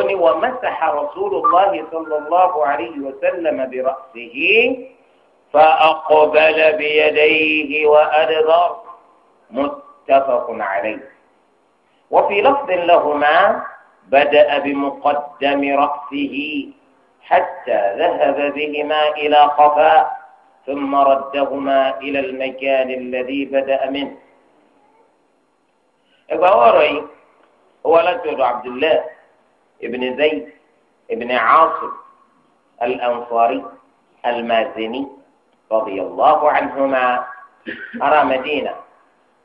أني ومسح رسول الله صلى الله عليه وسلم برأسه فأقبل بيديه وأدبر متفق عليه وفي لفظ لهما بدأ بمقدم رأسه حتى ذهب بهما إلى قفاء ثم ردهما إلى المكان الذي بدأ منه إبا وري هو لجد عبد الله ابن زيد ابن عاصم الأنصاري المازني رضي الله عنهما أرى مدينة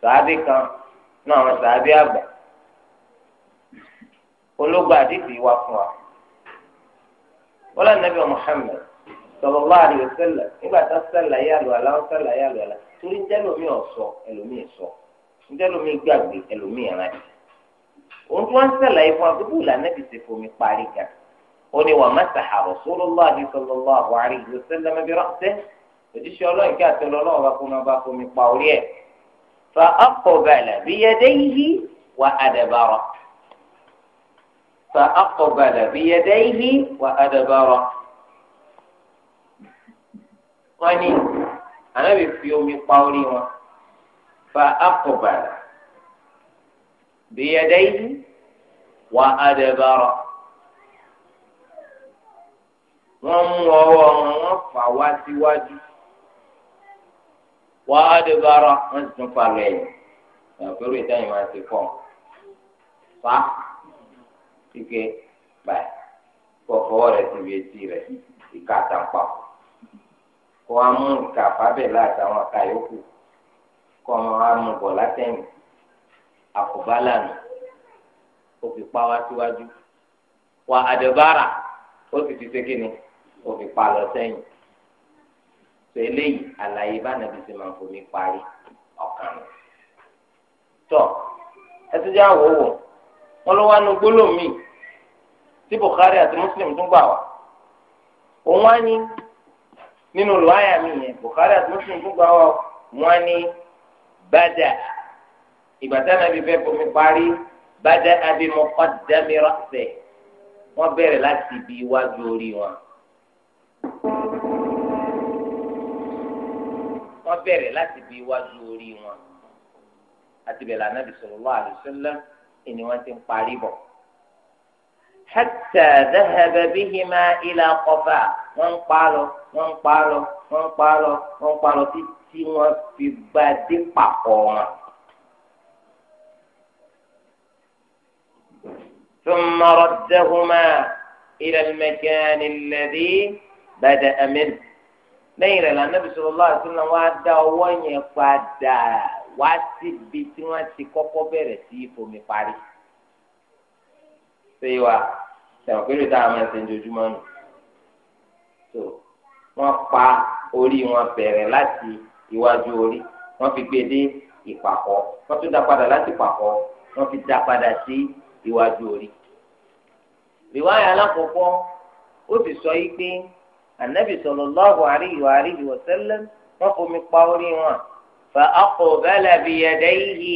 سابقا نعم سابقا أبا قلوا بعد في وفوا ولا النبي محمد صلى الله عليه وسلم إذا تصل يالو ولا تصل يالو ولا تريد لومي أصو لومي أصو تريد قبل لومي أنا òun tí wọ́n ń sàlàyé fún abúlé lànàbì ti fomi parí ga ó ní wà má sàhàrọ̀ Rasulullahi sallallahu alaihi wasallam bi ra'sihi òjíṣẹ́ ọlọ́run kí àti ọlọ́run bá fomi bá fomi pa orí ẹ̀ fa aqbala bi yadayhi wa adbara fa aqbala bi yadayhi wa adbara wọ́n ní ànábì fi omi pa orí wọn fa aqbala. بيديه وأدبر wọ́n mú ọwọ́ wọn wọ́n fà wá síwájú wọ́n á dé bára wọ́n sì tún fà lẹ́yìn ìyàpẹ̀rù ìdáyìn wọn ti fọ́ fa kíkẹ́ báyìí kó fọwọ́ rẹ̀ síbi etí rẹ̀ ìka àtàǹpà kó wọ́n á mú ìka fábẹ́lá àtàwọn ọ̀ka yòókù kó wọ́n á mú bọ̀ látẹ̀yìn àkùbálà nù ó fi pa wá síwájú wà àdàbàrà ó sì fi ṣe kíni ó fi pa lọ sẹ́yìn tó eléyìí àlàyé bá nàbí sí máa ń fomi parí ọ̀kan nù tọ ẹ ti wọn ló wá nu gbólómì tí Bukhari àti Muslim tún gbà wá òun wá ní nínú lùwáyà mi yẹn Bukhari àti Muslim tún gbà wá wọn ní bàdà ìgbàtà nàbí fẹ́ fomi parí bàdé abimọ kọdàmí rọsẹ wọn bẹ̀rẹ̀ láti ibi iwájú orí wọn. wọn bẹ̀rẹ̀ láti ibi iwájú orí wọn àti bẹ̀rẹ̀ ànábì sallallahu alaihi wasallam ni wọn ti ń parí bọ̀. hatta dhahaba bihima ila qafa wọn ń pa lọ wọn ń pa lọ wọn ń pa lọ wọn ń pa lọ títí wọn fi gbadé papọ̀ wọn. ثم ردهما إلى المكان الذي بدأ منه lẹ́yìn rẹ̀ lànà bí sọlọ́lá àtúnlá wọn á dá ọwọ́ yẹn padà wá síbi tí wọ́n ti kọ́kọ́ bẹ̀rẹ̀ sí ìfomi parí. ṣé wa sẹ̀wọ̀n pẹ̀lú táwọn máa ń ṣe ojoojúmọ́ nù. tó wọ́n pa orí wọn bẹ̀rẹ̀ láti iwájú orí wọ́n fi gbé dé ìpàkọ́ wọ́n tún dá padà láti ìpàkọ́ wọ́n fi dá padà sí iwájú orí rìwáyà alákọ̀ọ́kọ́ ó fi sọ yìí pé ànábì sallallahu alayhi wa alihi wa sallam wọ́n fomi pa orí wọn fa aqbala bi yadayhi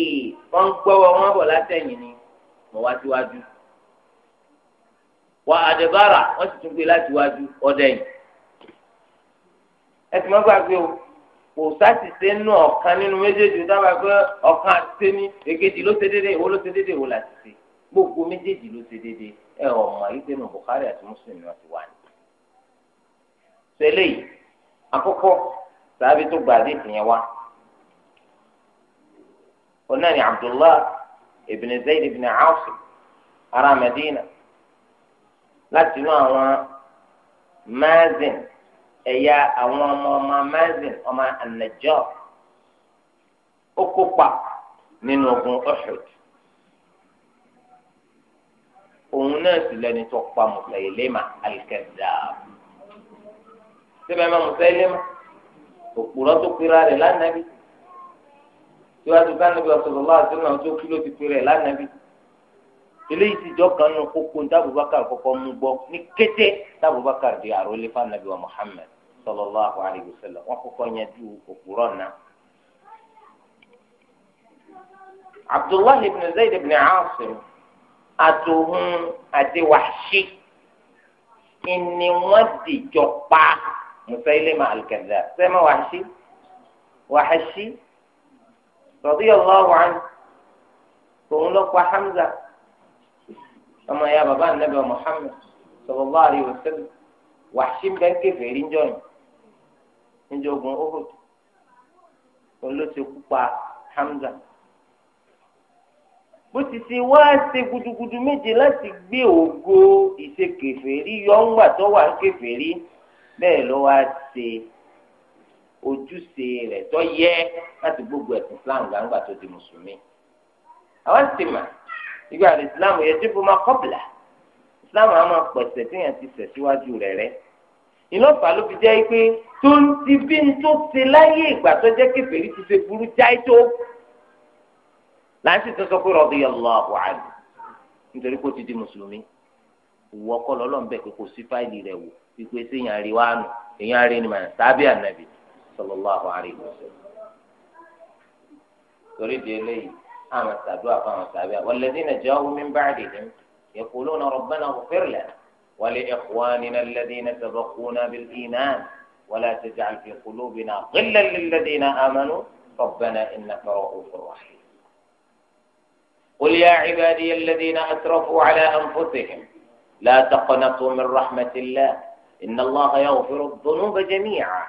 wọ́n gbọ́wọ́ wọn bọ̀ látẹ̀yìn ni mọ̀ wá síwájú wa adbara wọ́n sì tún gbé láti wájú ọ̀dẹ̀yìn ẹtì má gbàgbé o kò sáti ṣe nù ọ̀kan nínú méjèèjì dábàá pé ọ̀kan àti ṣe ní èkejì ló ṣe déédéé ìwọ ló ṣe déédéé ìwọ làti ṣe gbogbo méjèèjì ló ṣe déédéé ẹ ọ̀ mọ̀ yìí sẹ́nu Bukhari àti Muslim ni wọ́n ti wà ní. sẹ́lẹ̀ yìí àkọ́kọ́ tó gba àdéhùn yẹn wá ọ̀nà ni Abdullah ibn Zayd ibn Asim ara Medina láti inú àwọn Mazin ẹ̀yà àwọn ọmọ ọmọ Mazin ọmọ An-Najjar ó kópa nínú ogun Uhud. òun náà sì lẹni tó pa Musaylima al-Kazzab síbẹ̀ máa Musaylima òpùrọ̀ tó pera rẹ̀ lánàbí síwájú kánàbí sallallahu alaihi wasallam tó kí ló ti pera rẹ̀ lánàbí eléyìí ti jọ kan nù kókó ní Abubakar kọ́kọ́ mú gbọ́ ní kété ní Abubakar di àròlé fanabi wa Muhammad sallallahu alaihi wasallam wọn kọ́kọ́ yanjú òpùrọ̀ náà. Abdullahi ibn Zayd ibn Asim. atuhun àti wàhṣí ìní wọn dìjọ pa Musailima al-Kazzab sẹmọ wàhṣí wàhṣí radiyallahu anhu òun ló pa Hamza ọmọ ya anabi olóṣèkú pa Hamza. bó ti ṣe wá ṣe gudugudu méje láti gbé ògo ìṣe kèfèrí yọ̀ǹgbà tó wà ń kèfèrí bẹ́ẹ̀ ló wá ṣe ojúṣe rẹ̀ tó yẹ láti gbogbo ẹ̀sìn Islam gbàǹgbà tó di mùsùlùmí. àwa ti mà ìgbà àti Islam yẹ tí bùnmá kọ́bìlà Islam á máa pẹ̀sẹ̀ tí yẹn ti sẹ̀ síwájú rẹ̀ rẹ̀. ìlọ́fà ló fi jẹ́ pé tó ń ti bí ń tó ṣe láyé ìgbà tó jẹ́ kèfèrí ti ṣe burú jáì tó láti tó sọ pé rọ́bì radiyallahu anhu nítorí kó ti di mùsùlùmí wọ́n kọ́ lọ́lọ́run bẹ́ẹ̀ pé kò sí fáìlì rẹ̀ wò wípé sí rí wa nù èèyàn rí ni màá sábẹ́ ànábì sọlọ́ sallallahu alaihi wasallam. torí di eléyìí àwọn sàdó sàdúrà àwọn sábẹ́ àwọn ja'u min ba'dihim yaquluna mi ń bá wa li ẹ̀kọ́ ló sabaquna bil iman wa la taj'al fi qulubina ghillan lilladhina قل يا عبادي الذين أسرفوا على أنفسهم لا تقنطوا من رحمة الله إن الله يغفر الذنوب جميعا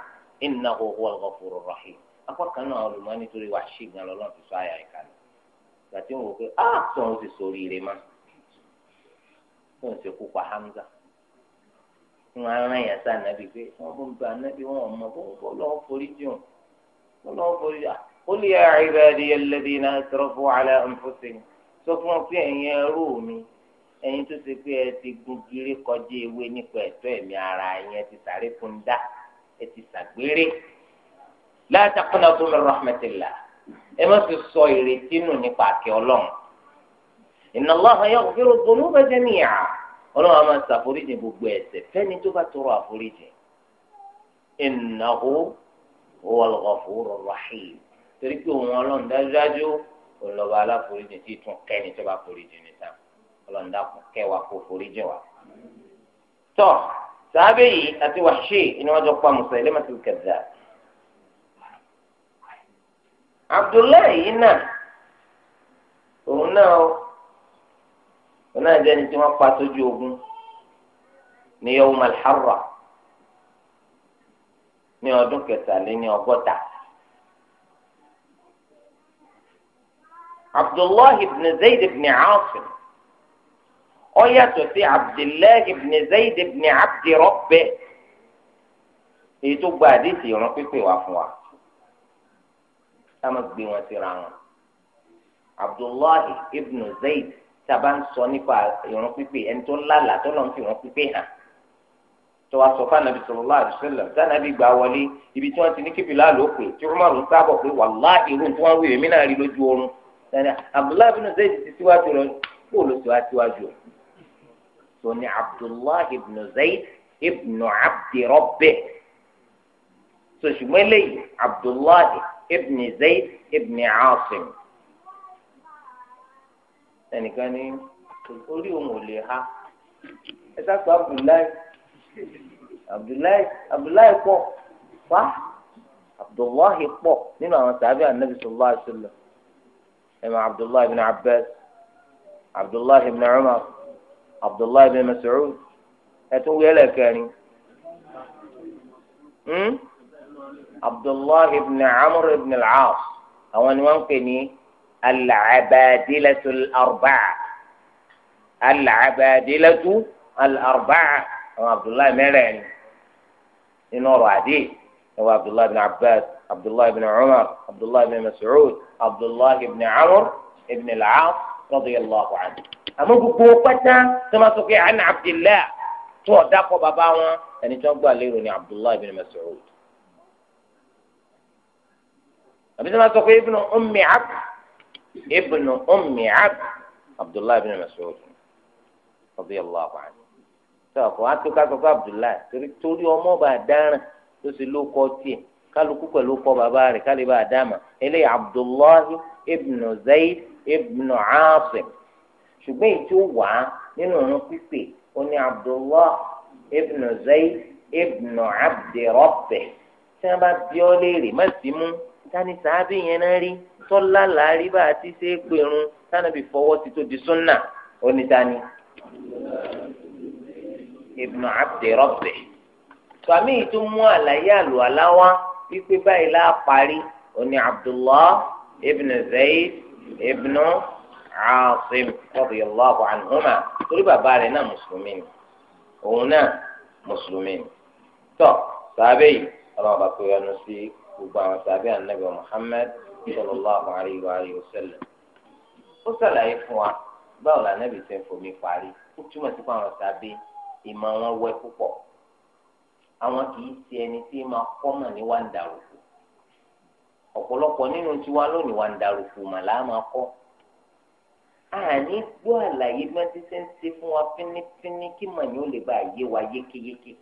إنه هو الغفور الرحيم أقول كان أولمان تري وحشي من الله في سايا كان لكن هو كي آه سون في سوري لما سون في حمزة wọn rán yẹn sá في pé wọn bó ń ba nàbí wọn mọ bó ń قل يا عبادي الذين أسرفوا على أنفسهم sọ fún wọn pé ẹ̀yin ẹrú mi ẹ̀yin tó ṣe pé ẹ ti gun kiri kọjá ewé nípa ẹ̀tọ́ ẹ̀mí ara yẹn ti sáré fún dá ẹ ti ṣàgbére la taqnatu min rahmatillah ẹ má fi sọ ìrètí nù nípa àkẹ́ ọlọ́run inna Allaha yaghfiru dhunuba jami'a ọlọ́run a máa ṣàforíjì gbogbo ẹ̀ṣẹ̀ fẹ́ni tó bá tọrọ àforíjì innahu huwal ghafurur rahim torí pé òun ọlọ́run dájúdájú olùlọ́ba aláforíjì tí tún kẹ́ni tó bá foríjì ní sáà ọlọ́ọ̀dà kẹwàá kó foríjì wa. tọ́ sàábẹ̀ yìí àti wàṣẹ ni wọ́n jọ pa Musailimatu kẹ̀dà. Abdullahi yìí náà òun náà òun náà jẹ́ ẹni tí wọ́n pa sójú ogun ní yawm al ní ọdún kẹtàléní ọgọ́ta. abdullahi ibn zayd ibn aasim ó yàtọ̀ sí abdullahi ibn zayd ibn abdi rabbi èyí tó gba àdéhìí ìran pípé wá fún wa ká má gbé wọn síra wọn abdullahi ibn zayd sábà ń sọ nípa ìran pípé ẹni tó lálàá tó lọ́n fi ìran pípé hàn tó wá sọ fún anabi sallallahu alaihi wasallam sanabi gba wọlé ibi tí wọ́n ti ní kébìlá ló pè tí Umar ń sábọ̀ pé wàláhì irú tí wọ́n wí èmi náà rí lójú oorun yẹn abdullahi bin zayd ti síwájú rẹ̀ kó ló ti wá síwájú rẹ̀ tó ní abdullahi bin zayd ibn abdi rabbi tó ṣùgbọ́n eléyìí abdullahi ibn zayd ibn asim ẹnìkan ní orí òun ò lè ha ẹ sá pé abdullahi abdullahi abdullahi pọ̀ wá abdullahi pọ̀ nínú àwọn sàbẹ̀ anabi sallallahu alaihi wasallam. إما عبد الله بن عباس عبد الله بن عمر عبد الله بن مسعود أتوقع لك يعني عبد الله بن عمرو بن العاص أو أن ممكن العبادلة الأربعة العبادلة الأربعة عبد الله مالين، إنه رعدي هو عبد الله بن عباس abdullahi ibn umar abdullahi ibn mas'ud abdullahi ibn amr ibn al-aas radiyallahu anhu. àmọ́ gbogbo pátá tó máa sọ pé àná abdullahi tó ọ̀dà kọ bàbá wọn ẹni tó ń gbà lérò ní abdullahi ibn mas'ud. àbí tó máa sọ pé ibn ummi abd ibn ummi abd abdullahi ibn mas'ud radiyallahu anhu tọ́ ọkọ̀ àtúkà sọ pé abdullahi torí torí ọmọ bá dáràn tó sì ló kọ́ tiẹ̀ kálukú pẹ̀lú kọ bàbá rẹ̀ kálíbà àdámà eléyìí abdullahi ibn zayd ibn asim ṣùgbọ́n èyí tó wà nínú ọ̀run pípé ó ní abdullahi ibn zayd ibn abdi rabbih tí wọ́n bá bí ọ léèrè má sí mú tani sàábì yẹn náà rí tọ́lá làárí bá a ti ṣe é pèrun tánàbí fọwọ́ ti tó di súnà ó ní tani ibn abdi rabbih tọ́mí yìí àlàyé àlò wípé báyìí láà parí oní abdullah ibn zayd ibn aasim radiyallahu anhuma torí bàbá rẹ̀ náà mùsùlùmí ni òun náà mùsùlùmí ni tọ́ sàbẹ̀ yìí ọlọ́run bá pè ọnu sí gbogbo àwọn sàbẹ̀ ànábì muhammad sallallahu alayhi wa alihi wa sallam ó sàlàyé fún wa báwo làǹdàbì ṣe ń parí ó túmọ̀ sí pé àwọn sàbẹ̀ ìmọ̀ wọn wẹ́ púpọ̀ àwọn kì í ṣe ẹni tí máa kọ́mọ̀ ní wà ń darúkú ọ̀pọ̀lọpọ̀ nínú tiwa lónìí wà ń darúkú mà láà máa kọ́ àní gbọ́ àlàyé bí wọ́n ti ṣe ń ṣe fún wa fínífíní kí mànyí ó lè bá yé wa yékéyéké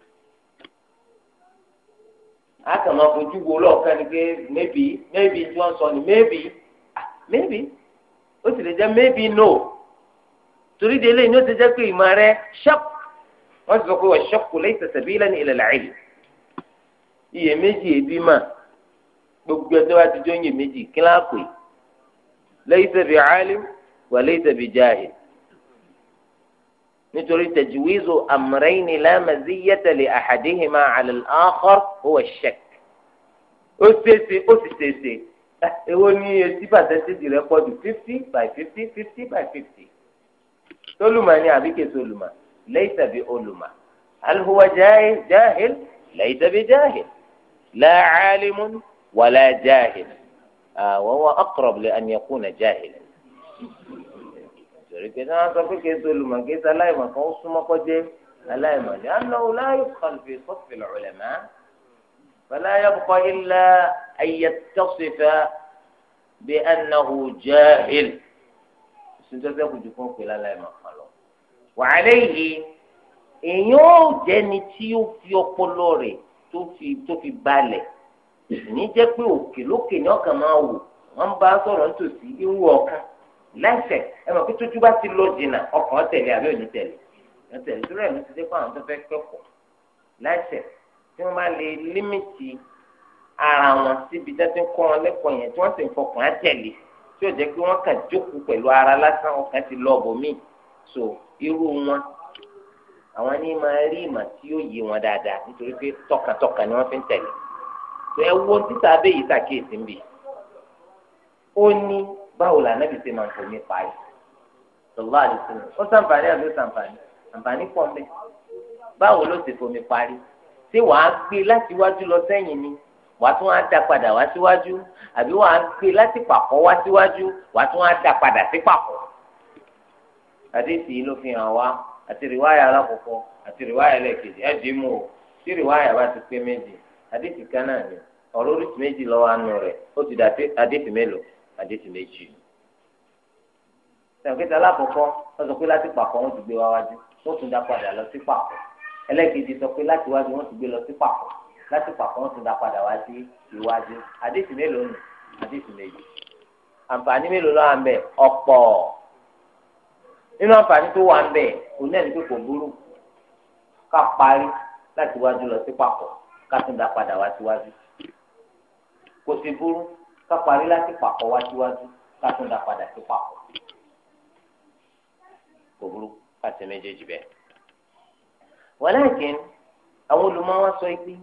a kàn máa fojú wo lọ́ọ̀kan ni pé maybe maybe tí wọ́n sọ ni maybe ah, maybe ó sì lè jẹ́ maybe no torí délé ni ó ti jẹ́ pé ìmọ̀ rẹ sharp wọ́n ti sọ pé wàṣọ́kù laysa sabilan ila al-ilm iyèméjì èbí mà gbogbo ẹjọ́ wa ti jọ iyèméjì kíláàpù laysa bi alim wa laysa bi jahil nítorí tajwizu amrayni la maziyyata li ahadihima ala al-akhar huwa ash-shakk ó ṣeéṣe ó sì ṣeéṣe èwo ni eighty percentage rẹ pọ̀ jù fifty by fifty fifty by fifty tólùmọ̀ ni àbíkè tólùmọ̀. ليس بألمة هل هو جاهل ليس بجاهل لا عالم ولا جاهل آه، وهو أقرب لأن يكون جاهلا لأنه لا يدخل في صف العلماء فلا يبقى إلا أن يتصف بأنه جاهل سنتذكر جفوف لا لا يمقى له wàhálẹ́ yìí èèyàn ò jẹ́ni tí ó fi ọpọlọ rẹ̀ tó fi tó fi balẹ̀ ní jẹ́ pé òkè lókè ní ọkàn máa wò wọ́n bá sọ̀rọ̀ nítòsí irú ọkàn láìsẹ̀ ẹ mọ̀ pé tójú bá ti lọ jìnnà ọkàn tẹ̀lé àbí òní tẹ̀lé tẹ̀lé tó rẹ̀ ló ti dé pé àwọn tó fẹ́ kẹ́kọ̀ọ́ láìsẹ̀ tí wọ́n bá lè límìtì ara wọn síbi tí ti ń kọ́ wọn lẹ́kọ̀ọ́ yẹn tí wọ́n sì ń fọkàn á tẹ̀lé tí ò jẹ́ pé wọ́n kàn jókòó pẹ̀lú ara lásán ọkàn ti lọ bòmíì so irú wọn àwọn ní máa rí ìmọ̀ tí yóò yé wọn dáadáa nítorí pé tọkàntọkàn ni wọ́n fi ń tẹ̀lé tó ẹ wo títà abẹ́ yìí sàkíyèsí ń bì ó ní báwo la nábì ṣe máa ń fò mí parí sọlá àdìsílẹ̀ ó sàǹfààní àbí ó sàǹfààní àǹfààní pọ̀ mẹ́ báwo ló ṣe fò mí parí ṣé wàá gbé láti wájú lọ sẹ́yìn ni wàá tún á da padà wá síwájú àbí wàá gbé láti pàkọ́ wá síwájú wàá tún á da padà sí pàkọ́ àdéhìí ló fi hàn wá àti rìwáyà alákọ̀ọ́kọ́ àti rìwáyà ẹlẹ́ẹ̀kejì ẹ̀ dì í mú o tí rìwáyà bá ti pé méjì àdéhìí kan náà ni ọ̀rọ̀ oríṣi méjì lọ́wọ́ anú rẹ̀ ó ti dà àdéhìí mélòó àdéhìí méjì. sàǹkìtà alákọ̀ọ́kọ́ wọ́n sọ pé láti pàkọ́ wọ́n ti gbé wá wájú wọ́n tún dá padà lọ sí pàkọ́ ẹlẹ́ẹ̀kejì sọ pé láti wájú wọ́n ti gbé lọ sí pàkọ́ láti pàkọ́ wọ́n tún dá padà wá sí iwájú àdéhìí mélòó nù nínú àǹfààní tó wà ń bẹ̀ kò ní ẹni pé kò burú ká parí láti wájú lọ sí papọ̀ ká tún dá padà wá síwájú kò sì burú ká parí láti papọ̀ wá síwájú ká tún dá padà sí papọ̀ kò burú ká ṣe méjèèjì bẹ́ẹ̀. walakin àwọn olùmọ̀wá sọ pé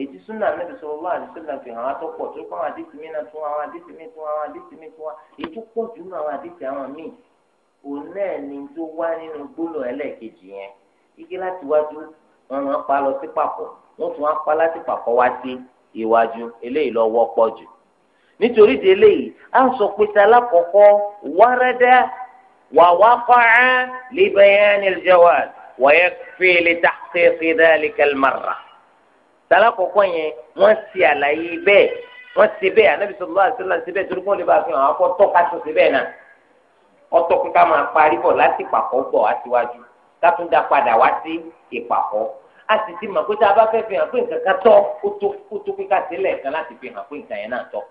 èyí súnà níbi sọ wọ́n àti súnà fi hàn wá tó pọ̀ tó kọ́ àwọn àdìsí mi náà tún àwọn àdìsí mi tún àwọn àdìsí mi tún wá èyí tó pọ̀ jù nínú àwọn àdìsí àwọn míì òun náà ni tó wá nínú gbólò ẹlẹ́ẹ̀kejì yẹn igi láti wájú wọn máa pa lọ sí papọ̀ wọn tún wá pa láti papọ̀ wá sí iwájú eléyìí lọ wọ́pọ̀ jù nítorí di eléyìí à ń sọ pé ta lákọ̀ọ́kọ́ wárẹ́dẹ́ wà wá kọ́ra libayani aljawaz wa yakfi li tahqiqi dhalika almarra ta yẹn wọ́n ti àlàyé bẹ́ẹ̀ wọ́n ti bẹ́ẹ̀ anábìsọ̀ lọ́wọ́ àti sọ́lá ti bẹ́ẹ̀ torí wọ́n ọtọ́ kí ká máa parí bọ̀ láti ìpàkọ́ bọ̀ àtiwájú látúndà padà wá sí ìpàkọ́ a sì ti mọ̀ pé tá a bá fẹ́ fi hàn pé nǹkan kan tọ́ kó tó kó tó pé ká sílẹ̀ kan láti fi hàn pé nǹkan yẹn náà tọ́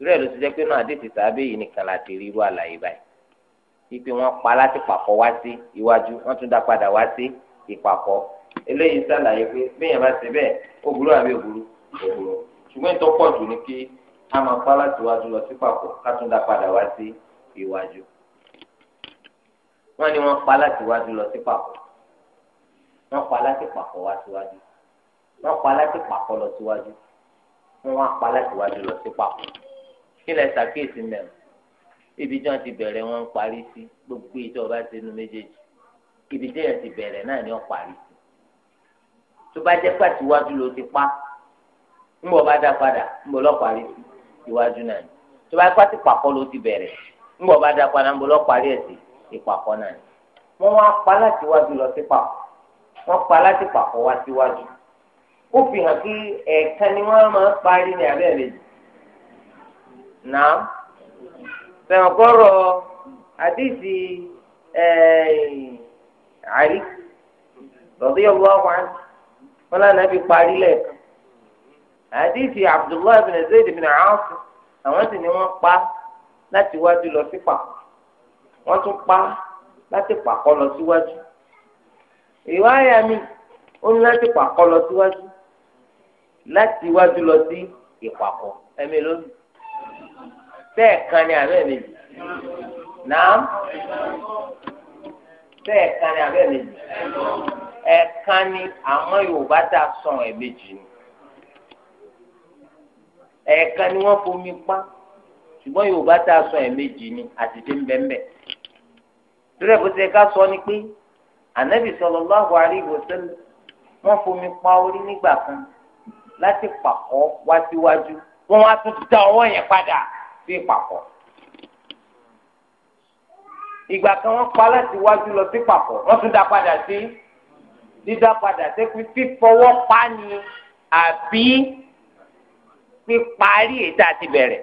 ìrẹ́ ló ti jẹ́ pé náà àdéhùn sábẹ́ yìí nìkan láti rí irú àlàyé báyìí ipe wọn pa láti pàkọ́ wá sí iwájú wọn tún dá padà wá sí ìpàkọ́ eléyìí sàlàyé pé bẹ́ẹ̀ bá ṣe bẹ́ẹ̀ ó burú àbí òburú òburú ṣùgbọ́n ìtọ́pọ̀ jù ni kí a máa pa láti wájú lọ sí pàkọ́ ká tún dá padà wá sí iwájú wọ́n ni wọ́n pa láti wájú lọ sí pàkó wọ́n pa láti pàkó wá síwájú wọ́n pa láti pàkó lọ síwájú wọ́n wá pa láti wájú lọ sí pàkó kí lẹ ṣàkíyèsí mẹ́rin ibi tí wọ́n ti bẹ̀rẹ̀ wọ́n ń parí sí gbogbo ìjọba ti nu méjèèjì ibi tí wọ́n ti bẹ̀rẹ̀ náà ni wọ́n parí sí tó bá jẹ́ pé àtiwájú ló ti pa ń bọ̀ bá dá padà ń bọ̀ lọ́ parí sí iwájú náà tó bá pàtí pàkó ló ti bẹ̀rẹ̀ ńbọ̀ bá dá padà ń bọ̀ lọ́parí ẹ̀ sí ìpàkọ́ náà wọ́n wá pa láti wájú lọ sí pàkọ́ wọ́n pa láti pàkọ́ wá síwájú ó fi hàn kí ẹ̀ẹ̀kan ni wọ́n máa ń parí ní abẹ́ rẹ̀ náà sẹ̀wọ̀n kọ́rọ̀ àdìsí àrí lọ́dún yóò wá wá Abdullahi bin bin àwọn ni wọ́n pa láti wájú lọ sí pàkó wọ́n tún pa láti pàkó lọ síwájú ìwáyà mi ó ní láti pàkó lọ síwájú láti wájú lọ sí ìpàkó ẹ̀mí lónìí sẹ́ẹ̀kan ni àbẹ́ mi nàám sẹ́ẹ̀kan ni àbẹ́ mi ẹ̀ẹ̀kan ni àmọ́ Yorùbá tá a sọ ẹ̀ẹ̀mejì ni ẹ̀ẹ̀kan ni wọ́n fomi pa ṣùgbọ́n yorùbá tá a sọ ẹ̀ méjì ni àtìdé ńbẹ́ńbẹ́ rírẹ̀ bó ṣe ká sọ ni pé ànábì sallallahu alaihi wasallam wọ́n fomi pa orí nígbà kan láti pàkọ́ wá síwájú wọ́n wá tún da ọwọ́ yẹn padà sí pàkọ́ ìgbà kan wọ́n pa láti wájú lọ sí pàkọ́ wọ́n tún da padà sí dídá padà sí fífọwọ́ pa ni àbí píparí ètò àti bẹ̀rẹ̀.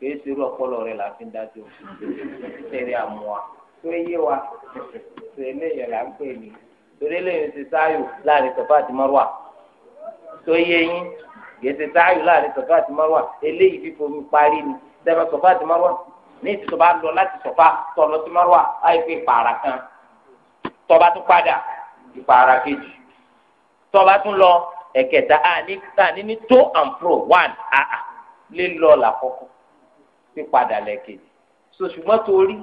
kìí ṣe irú ọpọlọ rẹ là fi ń dájú tẹ̀lé àmúwa tó yé wa tó eléyìí la ń pè ní torí eléyìí ti sáyò láàrin sọfà àti mọ́rùwà tó yé yín kìí ṣe sáyò láàrin sọfà àti mọ́rùwà eléyìí fífò mi parí ni sẹ́fà sọfà àti mọ́rùwà ní ìtìtò bá lọ láti sọfà tọ̀lọ́ sí mọ́rùwà àìpé pààrà kan tọba tún padà ìpààrà kejì tọba tún lọ ẹ̀kẹta àní ní tó and pro one àà lílọ làkọ́kọ́ pípadà lẹ́ẹ̀kejì so ṣùgbọ́n torí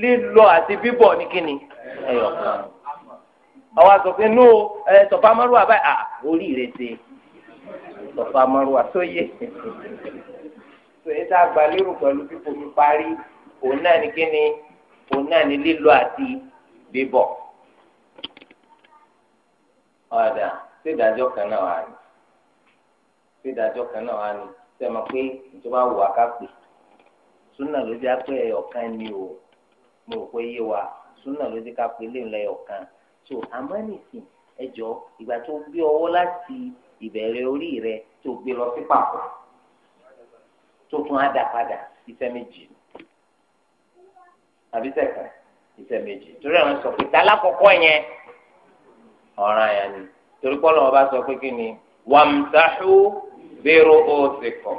lílọ àti bíbọ̀ ní kíni ẹ̀yọ̀ kan àwọn àtọ̀pẹ́ nù ẹ tọ̀fà márùwà báyìí à ah, orí rẹ̀ ṣe tọ̀fà márùwà tó yẹ so èyí tá a gbà lérò pẹ̀lú bíbọ̀ mi parí òun náà ní kíni òun náà ní lílọ àti bíbọ̀ ọ̀dà sídàjọ́ kan náà wà ní sídàjọ́ kan náà wà ní sẹ́mi pé ìjọba wù wá ká pè é súnà ló jẹ́ pé ẹyọ̀kan ni o mo rò pé yé wa súnà ló jẹ́ ká pé léwu lẹ́yọ̀kan so àmọ́ nìsín ẹjọ́ ìgbà tó gbé ọwọ́ láti ìbẹ̀rẹ̀ orí rẹ tó gbé lọ sí pàpọ̀ tó tún á dà padà iṣẹ́ méjì àbí sẹ́kà iṣẹ́ méjì torí àwọn sọ pé tálá kọ̀kọ́ yẹn ọ̀ràn yẹn ni torí pọ́lọ́ wọn bá sọ pé kí ni wàmùsáhù bẹ́rù ó sì kọ̀.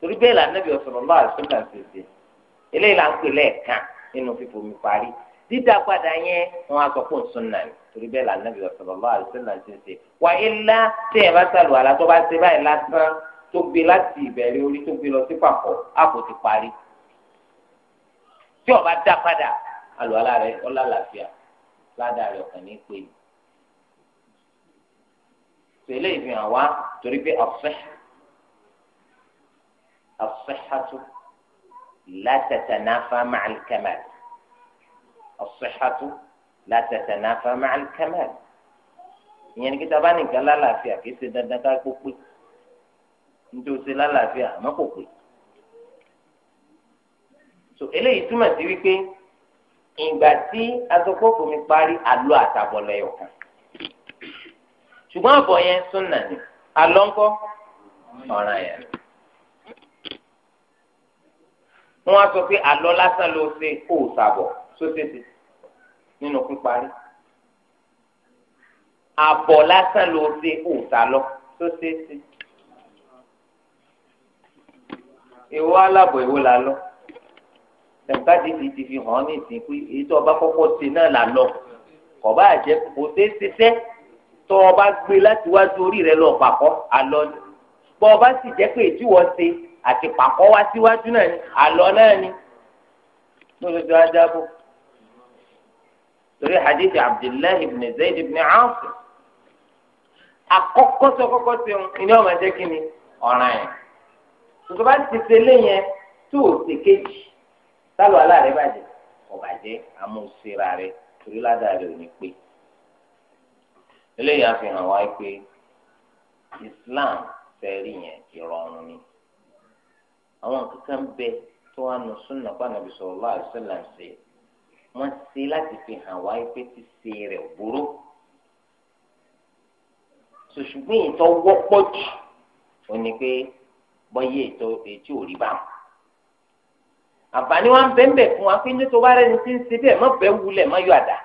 torí bẹ́ẹ̀ là nàbì sallallahu alaihi wasallam ṣèṣe eléyìí là ń pè lẹ́ẹ̀kan nínú fífomi parí dídá padà yẹn wọn á sọ fún sunna ni torí bẹ́ẹ̀ là nàbì sallallahu alaihi wasallam ṣèṣe wà á ilá tẹ̀ ẹ̀ bá sàlù àlá tó bá ṣe báyìí lásán tó gbé láti ìbẹ̀rẹ̀ orí tó gbé lọ sí pàpọ̀ á kò ti parí tí ọba dá padà àlù rẹ ọlá الصحة لا تتنافى مع الكمال الصحة لا تتنافى مع الكمال ìyẹn ni kí taba nìkan lálàáfíà kì í ṣe dandan ká kó pé nítorí ṣe lálàáfíà àmọ́ kò pé so eléyìí túmọ̀ sí wípé ìgbà tí asopọ̀pọ̀ mi parí àlọ́ àtàbọ̀lọ̀ ẹ̀ ṣùgbọ́n àbọ̀ yẹn súnà ni àlọ́ ọ̀ràn yẹn wọn á sọ pé àlọ lásán ló ṣe kó o sàbọ sóṣèṣe nínú píparí àbọ̀ lásán ló ṣe kó o sàlọ sóṣèṣe èwo alábọ̀ èwo là lọ tẹ̀gbádìí ti ti fi hàn ní ìsìn pé èyí tó ọba kọ́kọ́ ṣe náà là lọ kọ̀ọ̀bá àjẹ kò ṣeé ṣiṣẹ́ tó ọba gbé láti wájú orí rẹ lọ pàkọ́ àlọ́ ni bọ́ ọba sì jẹ́ pé ìdíwọ́ ṣe àti pàkọ́ wá síwájú náà ni àlọ́ náà ni lórí tó ajá bò torí hadith abdullahi ibn zayd ibn Asim àkọ́kọ́ tó kọ́kọ́ ṣe ń ní ọmọ ẹ̀jẹ̀ kí ni ọ̀ràn yẹn tuntun bá ti ṣe lé yẹn tó o ṣe kéjì sálọ aláàrẹ bàjẹ́ ọ̀bàjẹ́ amúṣera rẹ torí ládàá ò ní pé eléyìí á fi pé islam fẹ́ rí yẹn ìrọ̀rùn ni àwọn kankan bẹ tó wà nù súnà pa nàbì sallallahu alaihi wasallam ṣe wọn ṣe láti fi hàn wá pé ti ṣe rẹ burú ṣùṣùgbọ́n ìtọ́ wọ́pọ̀ jù ó ní pé bọ́yé ètò ètí ò rí bá wọn. àǹfààní wa ń bẹ́ẹ̀ bẹ́ẹ̀ fún wa pé nítorí wàá rẹni tí ń ṣe bẹ́ẹ̀ má bẹ́ẹ̀ wulẹ̀ má yọ àdá.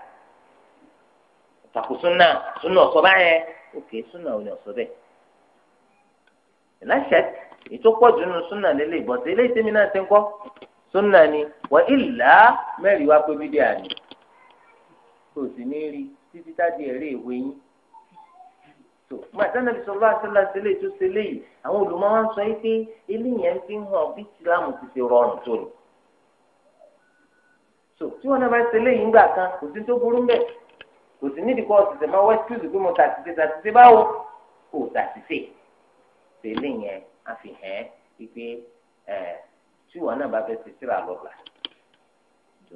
ìtàkùn súnà súnà ọ̀sọ́ báyẹn òkè súnà ò ní ọ̀sọ́ bẹ́ẹ̀. ìlàṣẹ́ ìtòpọ̀jù nínú súnà lélẹ̀ ìbọ̀tẹ́ eléyìí tèmi náà ti ń kọ́ súnà ni wà ìlà mẹ́rin wá pé bídẹ́ àná kò sì ní rí títí tádi ẹ̀rí ìwé yín tó máa tẹ́lẹ̀ bí sọlá sọlá sílẹ̀ tó sílẹ̀ yìí àwọn olùmọ̀ wa ń sọ yìí pé eléyìí ń fi hàn bí ìsìlámù ti ṣe rọrùn tó ni tó tí wọn náà bá sílẹ̀ yìí ńgbà kan kò sí tó burú mbẹ̀ kò sí nídìí kọ́ ọ̀sẹ̀ máa wá ẹ̀kúùsì pé mo tàtìsẹ́ tàtìsẹ́ báwo kò tàtìsẹ́ sílẹ̀ yẹn a fi hàn ẹ́ pípé ẹ̀ tí wọn náà bá fẹ́ ti síra lọ́la tí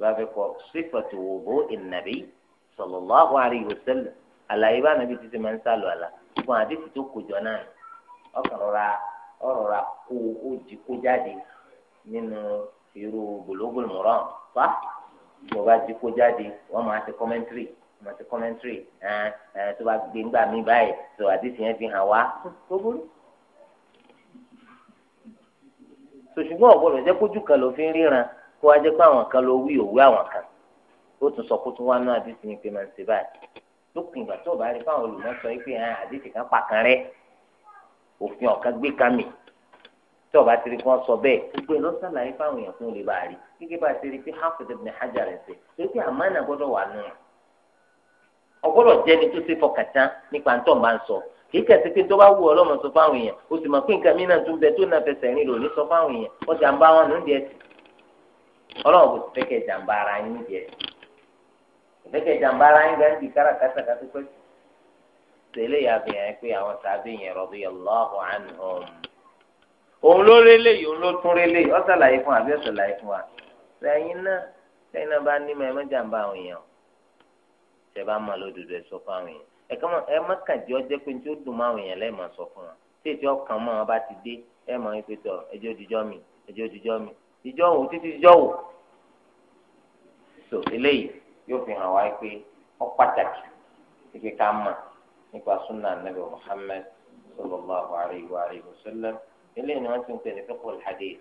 wọn bá fẹ́ kọ sífọ̀tì wòbó ìnàbí sallallahu alaihi wasallam àlàyé bá nàbí títí máa ń sálọ àlà fún àdìsí tó kojọ náà ọkàn rọra ọrọra kó o jí kó jáde nínú irú Bulughul Maram fa mo bá jí kó jáde wọn máa ti kọ́mẹ́ntìrì máa ti kọ́mẹ́ntìrì ẹ ẹ tó bá gbé ńgbà mí báyìí tó àdìsí yẹn fi hàn wá gbogbo. sòṣùgbọ́n ọ̀gbọ́dọ̀ jẹ́ kójú kan ló fi ń ríran kó wá jẹ́ pé àwọn kan ló wí òwe àwọn kan ó tún sọ kó tún wá náà àdìsí ni pé máa ń ṣe báyìí lópin ìgbà tó bá rí fáwọn olùmọ̀sọ yìí pé àdìsí kan pàkan rẹ òfin ọ̀kan gbé kan mì tí ọba ti rí kí wọ́n sọ bẹ́ẹ̀ gbogbo ẹ̀ lọ́sàlàyé fáwọn èèyàn fún olè bá rí gẹ́gẹ́ bá ti rí pé Hafiz ibn Hajar rẹ̀ ṣe torí pé àmánà gbọ́dọ̀ wà nù ọgbọ́dọ̀ jẹ́ni kìí kẹsì pé tó bá wù ọ lọ́mọ sọ fáwọn èèyàn o sì mọ̀ pé nǹkan mí náà tún bẹ tó náà fẹsẹ̀ rìn lòní sọ fáwọn èèyàn wọ́n ti à ń bá wọn nùdí ẹ̀sìn ọlọ́run kò sì fẹ́ kẹ́ jàǹbá ara yín nùdí ẹ̀sìn fẹ́ kẹ́ jàǹbá ara yín gbáǹdì káràkátà kátó pẹ́ sí. tẹ́lẹ̀ yà bẹ̀ yẹn pé àwọn sábẹ́ yẹn radiyallahu anhum. òun ló rélé yìí òun ló tún rélé yìí ọ̀sàlàyé ẹ má kàn jẹ́ ọjẹ́ pé tí ó dùn mọ́ àwọn èèyàn lẹ́ẹ̀ máa sọ fún wọn tí ètò ọkàn mọ́ wọn bá ti dé ẹ máa ń pètò ẹjọ́ òjijọ́ mi ẹjọ́ òjijọ́ mi ìjọ wò títí ìjọ wò. so eléyìí yóò fi hàn wá pé ó pàtàkì kíkẹ́ ká mọ̀ nípa sunnah nabi muhammed sallallahu alayhi wa alayhi wa sallam eléyìí ni wọ́n ti ń pè ní fiqhul hadith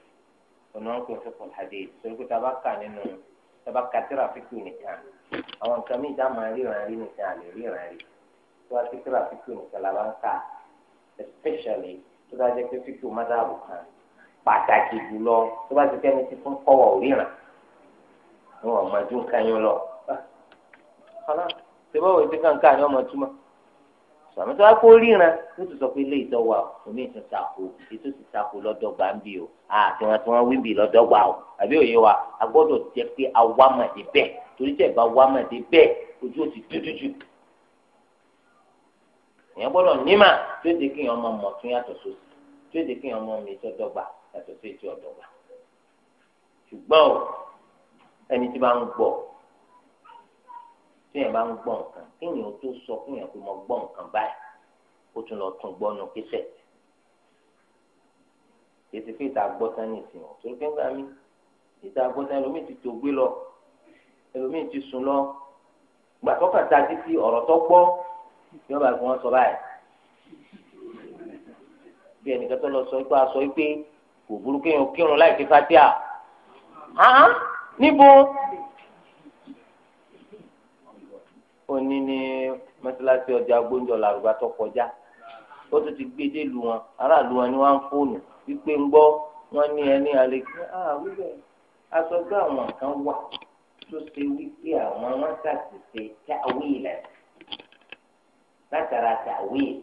ònà wọn pè ní fiqhul hadith torí pé tábà kà nínú tábà kà tíra fíkù nìkan àwọn nǹkan mìíràn máa ríran rí nìkan àlè ríran rí tó a ti kíra fíkì nìkan la bá ń kà especially tó bá jẹ́ pé fíkì mọ́tàbù kan pàtàkì jùlọ tó bá ti kẹ́ni ti fún kọ́wọ́ òríran wọn ò mọ ju nǹkan yín lọ. ọ̀nà tí báwo ti kàǹkà ni ọmọ túmọ̀ sọ̀rọ̀ tó bá kó ríran ló ti sọ pé ilé ìtọ́wà omi ìtàn tako ètò ti tako lọ́dọ̀gba ń o àti wọn tí wọ́n wí bì lọ́dọ̀gba o àbí òye wa a gbọ́dọ̀ jẹ́ pé awámọ̀dé bẹ́ẹ̀ torí tẹ̀ bá wámọ̀dé bẹ́ẹ̀ ojú ò ti dúdú jù èèyàn gbọ́dọ̀ nímà tí ó di kí èèyàn máa mọ̀ tún yàtọ̀ sósì tí ó di kí èèyàn máa mi tó dọ́gba yàtọ̀ sí ètò ọ̀dọ́gba ṣùgbọ́n o ẹni tí bá ń gbọ́ tí èèyàn bá ń gbọ́ nǹkan kí èèyàn tó sọ kí èèyàn fi mọ gbọ́ nǹkan báyìí ó tún lọ tún gbọ́ nu kíṣẹ̀ ètò fi ìta gbọ́ sani ìsìn ọ̀ torí pé gbà mí ìta gbọ́ ẹlòmíì ti tó gbé lọ ẹlòmíì ti sùn lọ gbàtọ́kàtà kí wọ́n bá fi wọ́n sọ báyìí bí ẹnìkan tó lọ sọ pé aṣọ pé kò burú kéèyàn kírun láì fi fatia hàn níbo ó ní ní mọ́sálásí ọjà gbóúnjọ làrúbá tó kọjá ó tún ti gbé dé lu wọn aráàlú wọn ni wọ́n ń fóònù wípé ń gbọ́ wọ́n ní ẹni àlejò àwùjọ aṣọ gbé àwọn kan wà tó ṣe wípé àwọn wọn ṣàtìṣe káwé ìlànà látara tàwí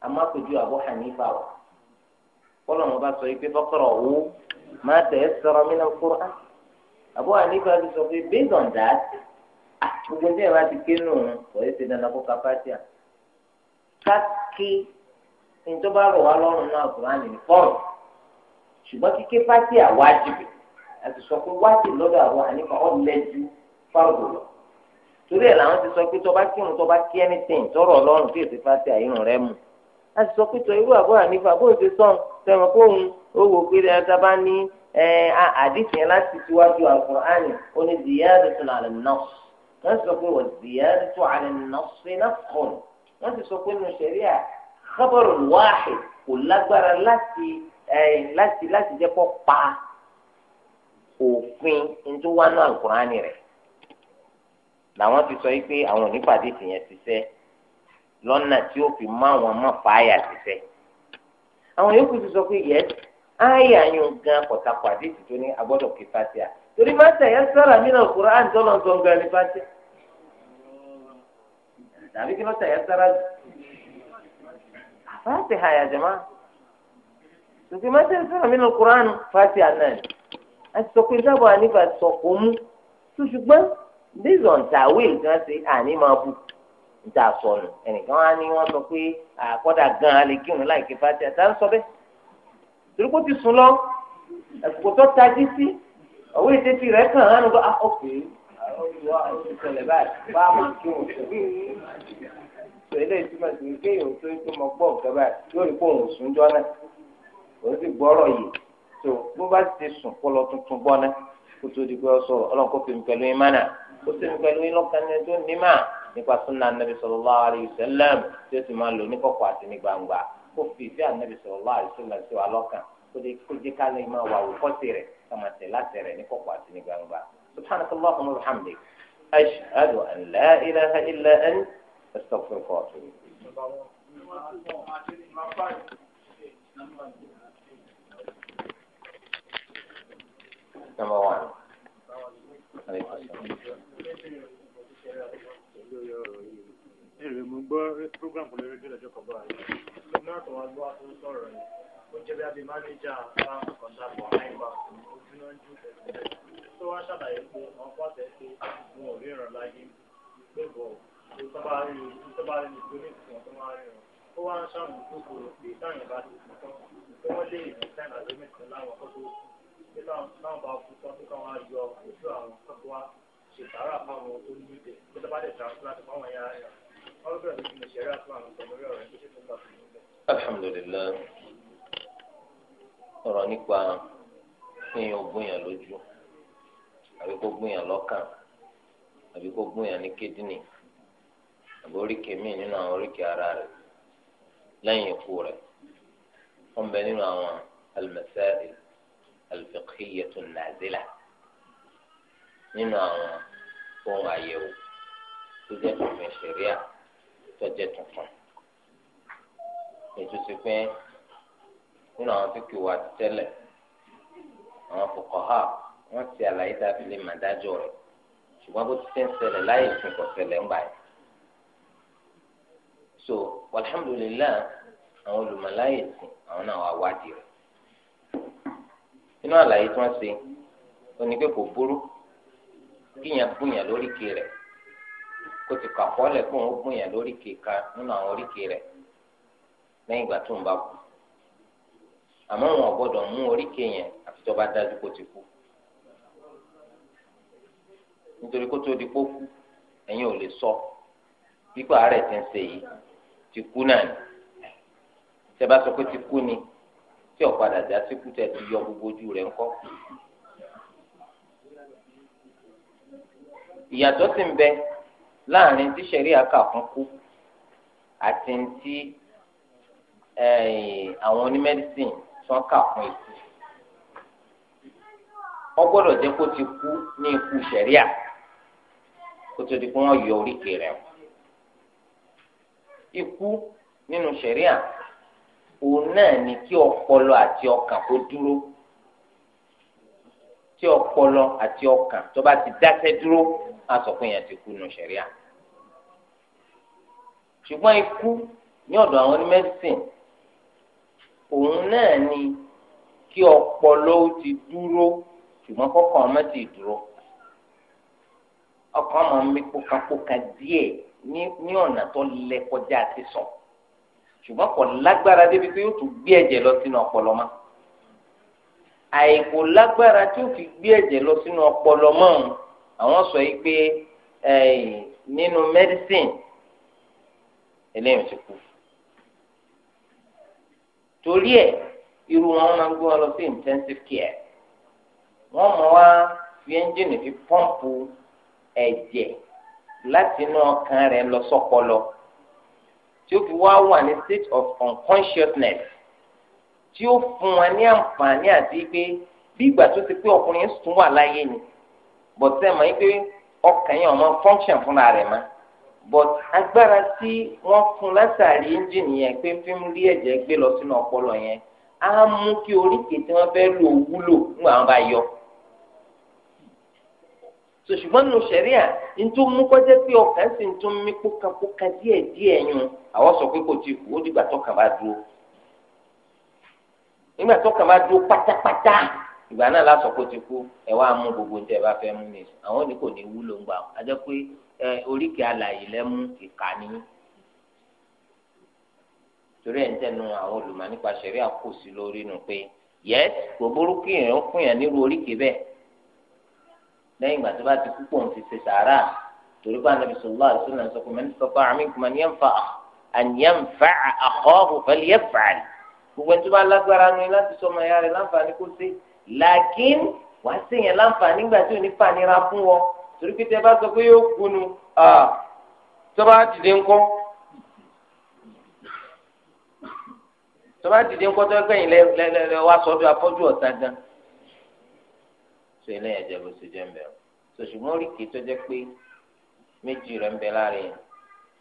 amákojú Abu Hanifa wa kọlọ wọn bá sọ yìí pé fọkọrọ wo máa tẹ ẹ sọ̀rọ̀ mí náà kúrò á Abu Hanifa ti sọ pé based on that ah, gbogbo ní ẹ̀rọ ti ké nù kò yẹ ti dandan kó kápátíà káàkiri ìjọba rọ̀ wá lọ́rùn náà kúránì ní fọ́ọ̀mù ṣùgbọ́n kíké pátíà wájibì àti sọ pé wájibì lọ́dọ̀ Abu Hanifa ọ̀ lẹ́jú fáwọn lọ torí ẹ̀ làwọn ti sọ pé tọba kírun tọba kí anything tọrọ ọlọ́run tí èsì fásitì àyínú rẹ mu a ti sọ pé tọ irú àbúrò ànífà bó ṣe sọ sẹmọ kó òun ó wò pé ẹ ta bá ní ẹ àdìsí yẹn láti tiwájú àkùránì ó ní ziyadatun ala nas wọn sọ pé wọn ziyadatu ala nas nafsun wọn ti sọ pé nù sẹríà khabarun wahid kò lágbára láti láti láti jẹ́ kó pa òfin ntúwánú àkùránì rẹ̀. làwọn ti sọ pé àwọn onípàdé tìyẹn ti tí fi ti sẹ́ àwọn yòókù ti sọ pé yẹ áyà yóò gan pọ̀tàpọ̀ àdéhùn tó ní agbọ́dọ̀ kí fásíà torí má tẹ̀yẹ sára nínú ọkùnrin à ń tọ́lọ̀ ń tọ́ngà ní fásíà tàbí kí ló àyà tòkì má à ń náà based on tàwé nǹkan ṣe àní ah, máa bù níta sọnù ẹnìkan wá ní wọn sọ pé àkọ́dà ah, gan alẹ́ kírun láìké fati àti à ń sọ bẹ́ẹ̀ torí kó ti sùn lọ ẹ̀kọ́ tó tají sí ọ̀wé ìtẹ́tì rẹ̀ kàn án ló bá ọ̀pẹ̀ bá a máa kírun sọ̀rọ̀ èyí túmọ̀ sí pé èèyàn tó tó mọ gbọ́ nǹkan báyìí yóò rí kóun sùn jọ náà òun sì gbọ́rọ̀ yìí tó bó bá ti sùn kó lọ tuntun gbọ́ náà kó tó di pé ọ sọ̀rọ̀ ọlọ́run kó fi mi pẹ̀lú ìmánà. E ó sì ń pẹ̀lú ìlọ́kàn ẹni tó ní mà nípa súnà nàbì sallallahu alaihi wasallam tí ó sì máa lò ní kọ̀kọ̀ àti ní gbangba kó fi ìfẹ́ ànàbì sallallahu alaihi wasallam sí wa lọ́kàn kó jẹ́ ká lè máa wà wòkọ́sì rẹ̀ ká máa tẹ̀ láti rẹ̀ ní kọ̀kọ̀ àti ní gbangba subhanakallahumma wa an la Number one èrè mo gbọ́ program kan lórí rédíò lọ́jọ́ kan bá yẹn náà tó wá gbọ́ àtúntò sọ̀rọ̀ yìí ó jẹ́ bí abẹ́ mánéjà báńkì kan dàpọ̀ àìbá ojú náà jù tó wá ṣàlàyé pé àwọn pàṣẹ pé wọn ò rí ìrànláyé pé bọ̀ tó bá rí ojú tó bá rí ojú ní ìsìn tó máa rí ìrànlá ó wá ń ṣàmù kókòrò pé táyìn bá ti kú tán kí wọ́n lè rìn sáìn àgbẹ̀mẹ̀sán láwọn kókó pé táwọn ṣe sàárà fáwọn tó ní ìdẹ tó tọ́ bá dẹ̀ transplant fáwọn ẹ̀yà rẹ̀ wọ́n bẹ̀rẹ̀ sí ní ṣẹ̀rí àtúnwàmù pẹ̀lú ọ̀rẹ́ tó ṣe tó gbà fún un. alhamdulilayi ọ̀rọ̀ nípa kéèyàn gbóyàn lójú àbí kó gbóyàn lọ́kàn àbí kó gbóyàn ní kídìní àbí oríkèé míì nínú àwọn oríkèé ara rẹ̀ lẹ́yìn ikú rẹ̀ wọ́n bẹ nínú àwọn al-masail al-fiqhiyya nínú àwọn fún àyẹ̀wò tó jẹ́ tuntun ṣẹ̀ríà tó jẹ́ tuntun. ètò ti pé nínú àwọn tó kì wá tẹ́lẹ̀ àwọn fuqaha wọ́n ti àlàyé tá a fi lè mà dájọ́ rẹ̀ ṣùgbọ́n bó ti ṣe ń ṣẹlẹ̀ láyé ìsìn kò ṣẹlẹ̀ ń báyìí. so alhamdulilayi àwọn olùmọ̀láyè sìn àwọn náà wà wádìí rẹ̀. nínú àlàyé tí wọ́n ṣe ó ní kíyàn búyàn lóríkè rẹ̀ kó ti kà kọ́lẹ̀ kó òun búyàn lóríkè kan nínú àwọn rẹ̀ lẹ́yìn ìgbà tó ń bá kú àmọ́ wọn gbọ́dọ̀ mú oríkè yẹn àfi tó bá dájú kó ti kú nítorí kó tó di kó ò lè sọ gbogbo ojú rẹ̀ ńkọ́ ìyàtọ̀ sì ń bẹ láàrin tí sẹ̀ríà kà fún kú àti tí àwọn onímẹ́dísìn tí wọ́n kà fún ikú wọ́n gbọ́dọ̀ jẹ́ kó ti kú ní ikú sẹ̀ríà kó tó di pé wọ́n yọ oríkèé rẹ̀ ikú nínú sẹ̀ríà òun náà ni kí ọpọlọ àti ọkàn kó dúró tí ọpọlọ àti ọkàn tó bá ti dáṣẹ́ dúró á sọ pé yẹn ti kú nù sẹríà ṣùgbọ́n ikú ní ọ̀dọ̀ àwọn onímẹsìn òun náà ni kí ọpọlọ ó ti dúró ṣùgbọ́n kọkàn ọmọ ti dúró ọkàn ọmọ mi pokapoka díẹ̀ ní ọ̀nà tó lẹ kọjá ti sọ ṣùgbọ́n kò lágbára débi pé yóò tún gbé ẹ̀jẹ̀ lọ sínú ọpọlọ máa àìkò lágbára tí ó fi gbé ẹ̀jẹ̀ lọ sínú ọpọlọ mọ́ ọ̀hún àwọn sọ yìí pé nínú medicine eléyìí ti kú torí ẹ̀ irú wọn máa ń gbé wọn lọ sí intensive care wọ́n mọ̀ wá fi ẹ́ńjìnì fi pọ́ǹpù ẹ̀jẹ̀ láti inú ọkàn rẹ̀ lọ sọ́pọlọ tí ó fi wá wà ní state of unconsciousness. tí ó fún wa ní àǹfààní àti pé bí ìgbà tó ti pé ọkùnrin sùn wà láyé ni but ṣe mọ̀ pé ọkàn yẹn ọmọ function fúnra rẹ̀ mọ́ but agbára tí wọ́n fún látàrí ẹ́ńjìnì yẹn pé fi ń rí ẹ̀jẹ̀ gbé lọ sínú ọpọlọ yẹn á mú kí oríkèé tí wọ́n fẹ́ lò wúlò nígbà wọn bá yọ sòṣùgbọ́n nù sẹ̀ríà ntú mú kọjá pé ọkàn sì ntú mí kókakóka díẹ̀díẹ̀ yun àwọn sọ pé kò ti kú ó dìgbà tó kàn bá dúró nígbà tó kàn máa dúró pátápátá ìgbà náà lásọ kó ti kú ẹ wá mú gbogbo ní ẹ bá fẹ́ mú ní ìsìn àwọn ní kò ní wúlò ń gbà ó a jẹ́ pé oríkèé alàyè lẹ́mú ìkà ní torí ẹ̀ ń tẹnu àwọn olùmọ̀ nípa ṣẹ̀rí àkóso lórí nu pé yẹ gbogbo kí èèyàn fún yàn nírú oríkèé bẹ́ẹ̀ lẹ́yìn ìgbà tó bá ti kú pọ̀ ń ṣe sàárà torí pé anabi sọlá àti sọlá ń sọ pé mẹ́ni sọ pé àmì kùmà ní yẹn fà àníyàn fà àkọ́ gbogbo ẹni tó bá lágbára nu yín láti sọmọ ẹ̀yà rẹ̀ láǹfààní kó sí làákín wá sí yẹn láǹfààní nígbà tí ò ní fànira fún wọn torí pé tẹ bá sọ pé yóò kunu tó bá dìde ńkọ́ tó bá dìde ńkọ́ tó ẹgbẹ́ yìí lẹ́ẹ̀lẹ́ wá sọ́dọ̀ afọ́jú ọ̀tá gan tó ilé yẹn bó ṣe jẹ mbẹ tó oríkì tó pé méjì rẹ̀ ń bẹ yẹn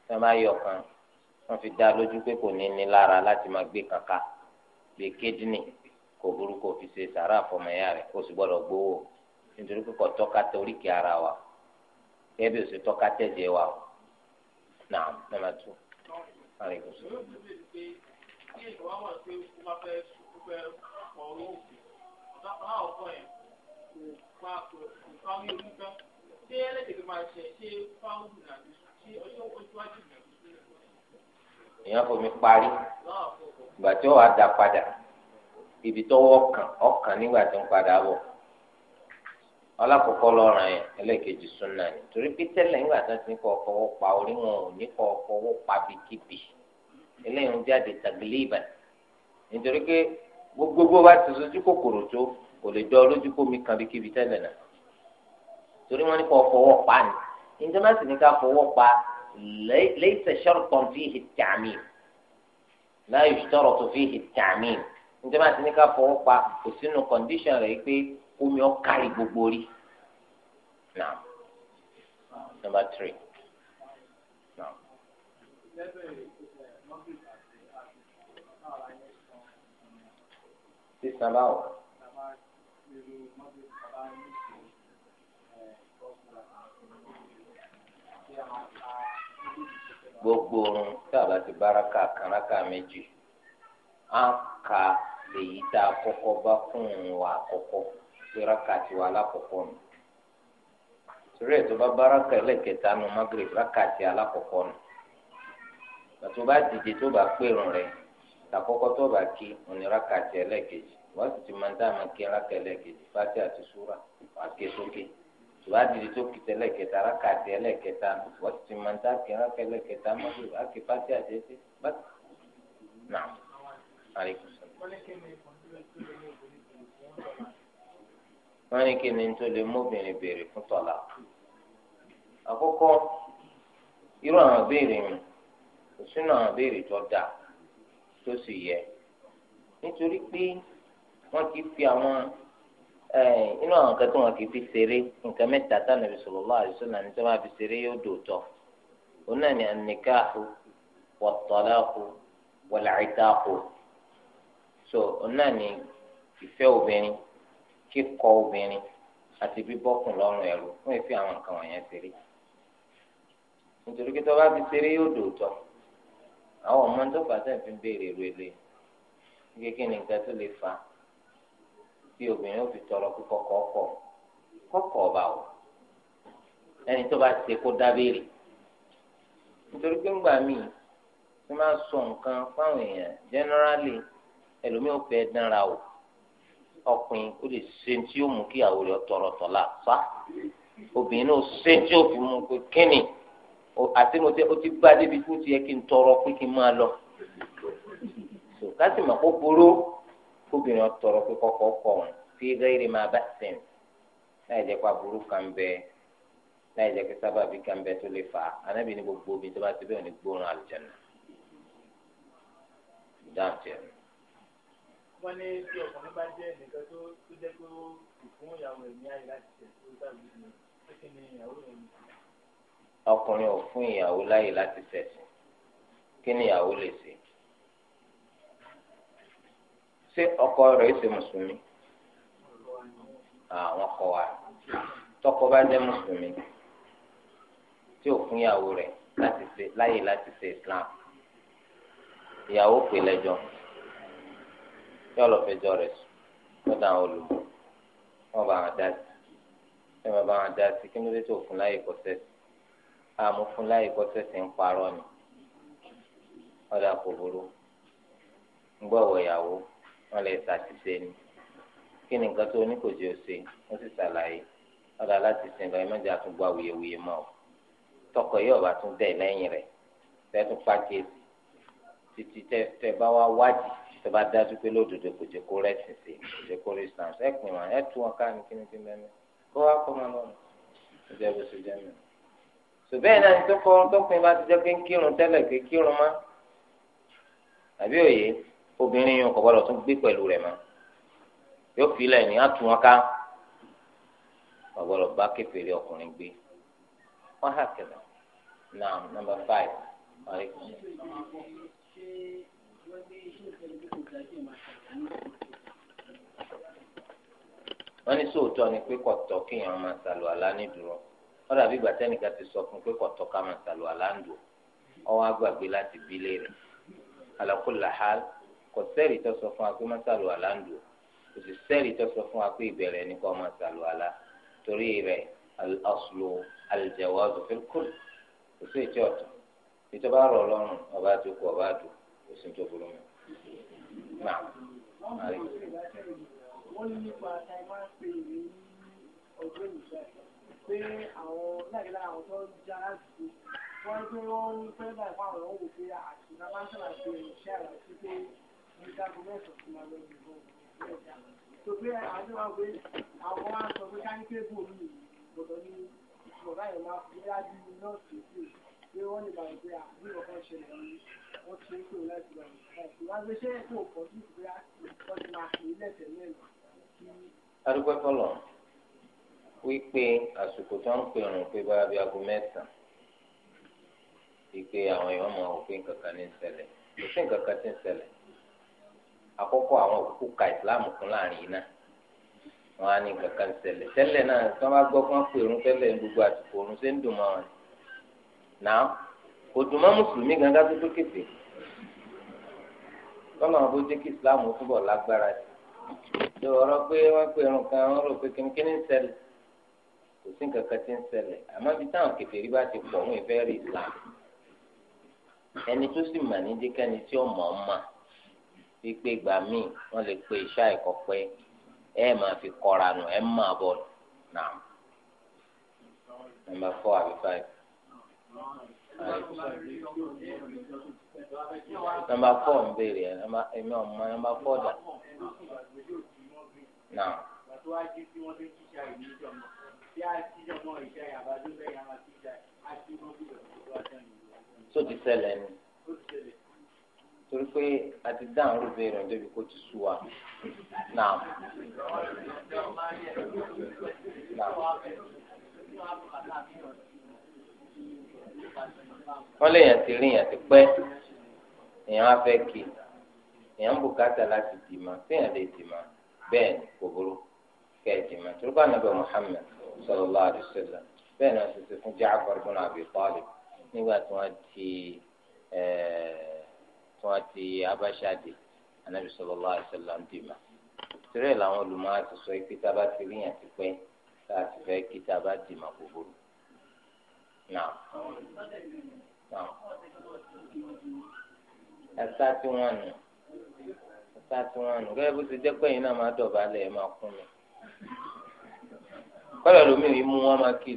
tó yọ kan wọ́n fi dá lójú pé kò ní ní lára láti máa gbé kankan. bíi kídìní kò burúkú fi ṣe sàrà kó o sì gbọ́dọ̀ gbowó nítorí pé kò ara wa kẹ́ẹ́ bí o sì tọ́ka wa náà nàmà èèyàn fomi parí ìgbà tí wàá da padà ibi tọ́wọ́ ọkàn nígbà tí ń padà bọ̀ ọlákòókò lọ́ràn yẹn ẹlẹ́ẹ̀kejì súnà ni torí pé tẹ́lẹ̀ nígbà tí ti ní pa orí wọn ò ní kọ́ pa bíkíbi jáde nítorí pé bá ti sojú kòkòrò tó torí ní pa ni ìjọba sì ní ليس شرطا فيه التعميم لا يشترط فيه التعميم nítorí àti ní ká fọwọ́ pa kò sínú kọ́ndíṣàn rẹ̀ pé omi ọ kárí gbogbo rí náà nọmba tírì náà. sísan báwo. Yeah. gbogbo oorun tí a bá ti baraka kànáka méjì á ka èyí tá a kọ́kọ́ bá fún un wa àkọ́kọ́ ìraka tiwa alákọ̀ọ́kọ́ nù torí ẹ̀ tó bá baraka ẹlẹ́kẹta raka ti alákọ̀ọ́kọ́ nù pàtó bá dìde tó bá pèrún rẹ̀ tàkọ́kọ́ tó bá kí oníraka ti ẹlẹ́kejì wọ́n ti máa ń dá àmọ́ kí àti súra ké tòbá dìde tó kìtẹ lẹ́kẹta alákàtẹ ẹlẹ́kẹta wọ́n ti máa ń tàkì alákẹ ẹlẹ́kẹta mọ́tò àkè pàṣẹ àjẹsí bàtà náà àríkù sọ. wọ́n ní kí ni tó lè móbìnrin béèrè fún tọ́lá. àkọ́kọ́ irú àwọn béèrè mi kò sínú àwọn béèrè tó dáa tó sì yẹ nítorí pé wọ́n ti fi àwọn. Eh, inú àwọn nǹkan tí wọn kì í fi ṣeré nǹkan mẹ́ta tá nàbì sallallahu alaihi wasallam ní tí wọn fi ṣeré yóò dòótọ́ òun náà ní an so òun náà ní ìfẹ́ obìnrin kíkọ̀ obìnrin àti bíbọ́kùn lọ́rùn elu. fún àwọn nǹkan ṣeré nítorí bá fi ṣeré yóò dòótọ́ àwọn ọmọ tó fà á fi ń béèrè rẹ̀ lé kékeré nǹkan tó lè fà bí obìnrin ó fi tọrọ kíkọ kọkọ kọkọ ọba o ẹni tó bá ṣe kó dábìrì nítorí pé ńgbà míì tí máa sọ nǹkan fáwọn èèyàn generally ẹlòmíì ò fẹ́ dánra o ọkùnrin ó lè ṣe tí yóò mú kí ìyàwó rẹ̀ tọrọ tọ̀la fa obìnrin náà ṣe tí yóò fi mú pé kíni àti mo ti ó ti gbá débi tí ó ti yẹ kí n tọrọ pé kí n máa lọ. ká kó burú kóbìnrin ọtọrọ pé kọ́kọ́ kọ wọn fi gẹrẹ máa bá sìn láì jẹ pa burú kan bẹ láì jẹ pé sábàbí kan bẹ tó lè fà á anábì ní gbogbo obìnrin tó bá ti bẹ́ẹ̀ ní gbóòórùn àlùjáná wọ́n ní tí ọkùnrin bá jẹ́ nìkan tó tó jẹ́ pé ó fún ìyàwó ẹ̀mí ayé láti tẹ̀ tó dàbí ní pé kí ni ìyàwó ẹ̀mí. ọkùnrin ò fún ìyàwó láyè láti tẹ̀sìn kí ni ìyàwó lè ṣe ṣé ọkọ rẹ̀ ṣe mùsùlùmí àwọn ah, kọ wa tọkọ bá jẹ́ mùsùlùmí tí ò fún ìyàwó rẹ̀ láti ṣe láyè láti ṣe islam ìyàwó pè lẹ́jọ́ tí ọlọfẹjọ rẹ̀ lọ́dọ̀ àwọn olùkọ́ wọn bá wọn dá sí ẹ máa bá wọn dá sí kí ló dé tó fún láyè kọsẹ̀ àmú fún láyè kọsẹ̀ ti ń parọ́ ni ọdà kò burú ń gbọ́ wọ ìyàwó wọn lè ṣàṣìṣe ni kí ni nǹkan tó ní kò jẹ́ òṣè wọ́n sì ṣàlàyé ọ̀dà láti sìn lọ ẹ̀mẹ́jọ àtúgbò awuyewuye mọ́ ọ tọkọ yìí ọba tún dẹ̀ lẹ́yìn rẹ̀ tẹ́tún pàkíyèsí títí tẹ́ bá wá wádìí tẹ́ bá dájú pé lódodo kò jẹ́ kó rẹ́sìn sí kò jẹ́ kó rẹ́sìn ẹ pin wọn ẹ tú wọn ká ní kíni kí mẹ́mẹ́ kó wá kó máa lọ́nà ó jẹ́ bó ṣe jẹ́ mi. ṣùgbọ́n náà tó kọ́ tó pin bá ti jẹ́ pé kírun tẹ́lẹ̀ pé kírun mọ́ àbí òye obìnrin yẹn kò gbọdọ̀ tún gbé pẹ̀lú rẹ̀ mọ́ yóò fi ilẹ̀ ní àtúnwọ́ká kò gbọdọ̀ bá kékeré ọkùnrin gbé wọ́n hà kẹlẹ̀ náà nọ́mbà five wọ́n ní sóòótọ́ ni pé kọ̀tọ́ kéèyàn máa sàlù àlá nídùúró wọ́n dàbí ìgbà ti sọ fún pé kọ̀tọ́ ká máa sàlù àlá ń dùn ọwọ́ láti bílé kò sẹ́rì tó sọ fún wa pé má sàlù àlá ń dùn kò sì sẹ́rì tó sọ fún wa pé ìbẹ̀rẹ̀ ni kò má sàlù àlá torí rẹ̀ al-aslu al-jawazu fil-kull kò sí ìtì ọ̀tún ìjọba rọ̀ lọ́rùn ọba tó kù ọba tó kò sí tó burú mi. wọ́n ní pé àwọn láìláà àwọn tó ń já láti wọ́n pé wọ́n ń fẹ́ báyìí àwọn òwò pé àti nàbàṣẹ́ àti ìṣẹ́ àti pé tòpé àdúrà pé àwọn é lẹ́sẹ̀ mẹ́rin. arúgbó fọlọ wípé àsìkò tó ń pè rùn pé báyà bí aago mẹ́sàn-án wípé àwọn èèyàn máa wò pé nǹkan kan ní ń ṣẹlẹ̀ kò nǹkan kan tí ń ṣẹlẹ̀ àkọ́kọ́ àwọn òkú ka ìsìláàmù kún láàrin iná wọn á ní kankan sẹlẹ tẹ́lẹ̀ náà tí wọ́n bá gbọ́ fún gbogbo àsìkò òrùn ṣe ń dùn wọn náà kò dùn mọ́ mùsùlùmí gangan tó tó kéde lọ́nà àwọn bójú kí ìsìláàmù lágbára sí i pé kan wípé ìgbà míì wọ́n lè pe iṣẹ́ àìkọ́ pé ẹ máa fi kọ́ra nù ẹ máa bọ̀ náà. Number four àbí five. Number four ń béèrè ẹ̀ ẹ̀mí ọ̀mọ number four dà. Náà. Tó ti ṣẹlẹ̀ ni torí pé a ti dá àwọn olùbẹ̀rẹ̀ rẹ̀ débi kó ti sú wa náà. wọ́n lè yàn ti rí yàn ti pẹ́ èèyàn á fẹ́ kí èèyàn ń bùkátà láti dìímọ̀ téèyàn lè dìímọ̀ bẹ́ẹ̀ ni kò burú kẹ́ ẹ̀ torí pé ànábẹ́ Muhammad sallallahu alaihi wasallam bẹ́ẹ̀ ni wọ́n ti ṣe fún Ja'far ibn Abi Talib nígbà tí wọ́n ti ẹ̀ẹ́ tí wọ́n ti abáṣáde anabi sallallahu alaihi wasallam ń bímọ tìrẹ làwọn olùmọ̀ àti sọ pé tá a bá ti rí yàn ti pẹ́ tá a ti fẹ́ kí tá a bá ti mọ gbogbo náà náà ẹsá tí wọ́n nù ẹsá tí wọ́n nù gẹ́gẹ́ bó ti jẹ́ pé yín náà máa dọ̀bálẹ̀ ẹ máa kún mi kọlọ lómi ìmú wọn máa kí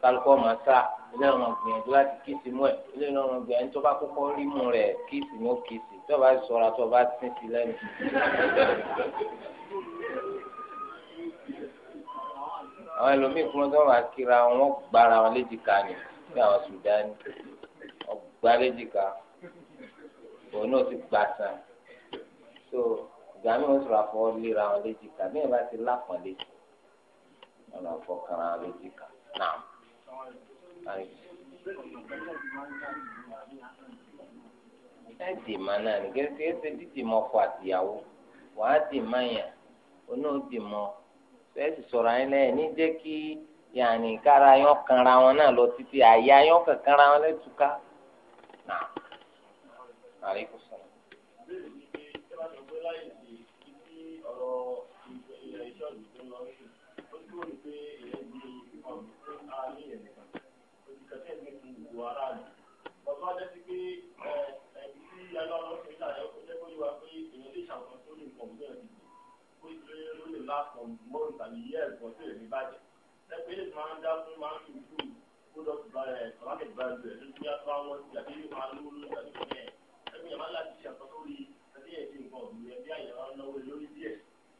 kálukọ máa sá ilé ọmọ gbìyànjú láti kíìsì mú ẹ ilé ọmọ gbìyànjú tó bá kọ́kọ́ rí mú rẹ kíìsì ní ó kíìsì tó bá ṣọ́ra tó bá sín sí lẹ́nu. àwọn ẹlòmíì kúrò tó wà kíra wọn gbára wọn léjìká ni ní àwọn Sùdáni ọgbà léjìká òun náà ti gbà sàn so ìgbà mi ò sọ̀rọ̀ àfọ léra wọn léjìká bí ẹ bá ti lápọn léjì wọn lọ fọ kàrà léjìká náà. ẹ dì má náà ní kí ẹ ṣe dídì mọ ọkọ àtìyàwó wàá dì má yàn oná mọ ẹ sì sọ̀rọ̀ ayé lẹ́yìn ní jẹ́ kara wọn lọ títí àyà yọ kankanra wọn Na. Aleykum gbogbo aráàlú ọba jẹ́ sí pé ẹ̀ẹ́dì tí aláwọ̀ ṣe ń dàjọ́ kó jẹ́ kó yíwa pé èèyàn lè ṣàkóso lórí nǹkan ọ̀gbìn ẹ̀dì kó ìdílé lórí láàpọ̀ mọ́rùn tàbí yẹ́ ẹ̀gbọ́n tó lè ní bàjẹ́ ẹgbẹ́ yìí máa ń dá fún máa ń lù ú kó lọ bá ẹ̀ ọ̀làkè bá ẹ̀ lórí bí a bá wọn ti àbí máa ń lówó lórí àbí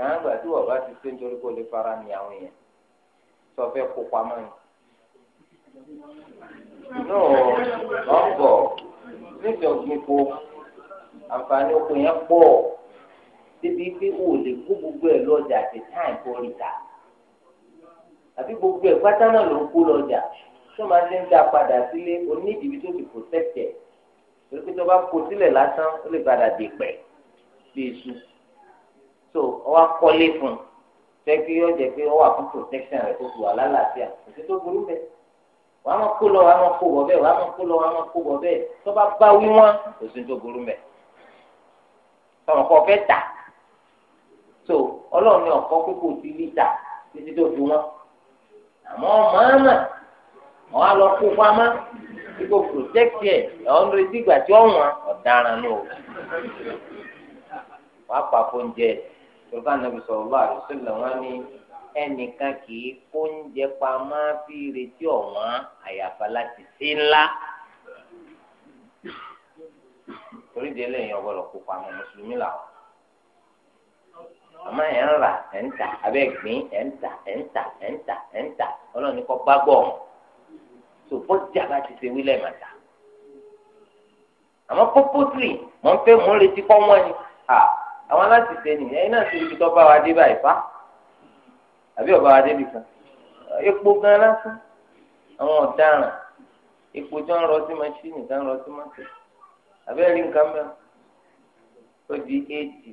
yàrá gbà tí wọ́n bá ti ṣe nítorí kó lè fara ní àwọn yẹn sọ fẹ́ kó pamọ́ ni. nù ọ̀pọ̀ nítorí ọ̀gbìn kó àǹfààní oko yẹn pọ̀ débi pé o lè kó gbogbo ẹ̀ lọ́jà àti táì kó rí ta àbí gbogbo ẹ̀ pátá náà ló ń kó lọ́jà tó máa ti ń dá padà sílé onídìbí tó ti protect ẹ̀ torí pé tó bá kó sílẹ̀ lásán ó lè padà dè pẹ̀. bí iṣu so ọwọ́ akọ́lé fún un jẹ́ kí yọ jẹ́ pé ọwọ́ àfún protection rẹ̀ tó wà lálàáfíà tó burú wàá kó lọ wàá máa kó bọ̀ bẹ́ẹ̀ wàá máa kó lọ wàá máa kó bọ̀ bẹ́ẹ̀ tó bá wí so ní ọkọ ti títí tó fi wàá pa fóúnjẹ yorùbá nàbì sallallahu alaihi wasallam wọn ní ẹnìkan kì í kóúnjẹ pamọ́ fi retí ọ̀wọ́n àyàfà láti sí ńlá torí de lẹ́yìn ọgbọ́dọ̀ kó pamọ́ mùsùlùmí là wọ́n àmọ́ ẹ̀ ń rà ẹ̀ ń tà abẹ́ gbìn ẹ̀ ń tà ẹ̀ ń tà ẹ̀ ń tà ẹ̀ ń tà ọlọ́ọ̀ni kọ́ bá gbọ̀ ọ̀hún sòfò jà bá ti ṣe wílẹ̀ màtà àmọ́ pópótìrì mọ̀ ń fẹ́ mọ́ retí kọ́ wọ́n ni àwọn aláṣẹ tẹ ni, ẹ̀yin náà ti ibi tó bá wa dé báyìí fa àbí ọba wa débi kan epo gan lásán àwọn ọ̀daràn epo tó ń rọ sí machine tó ń rọ sí mọ́tò àbẹ́rẹ́ rí nǹkan mẹ́rin tó di eighty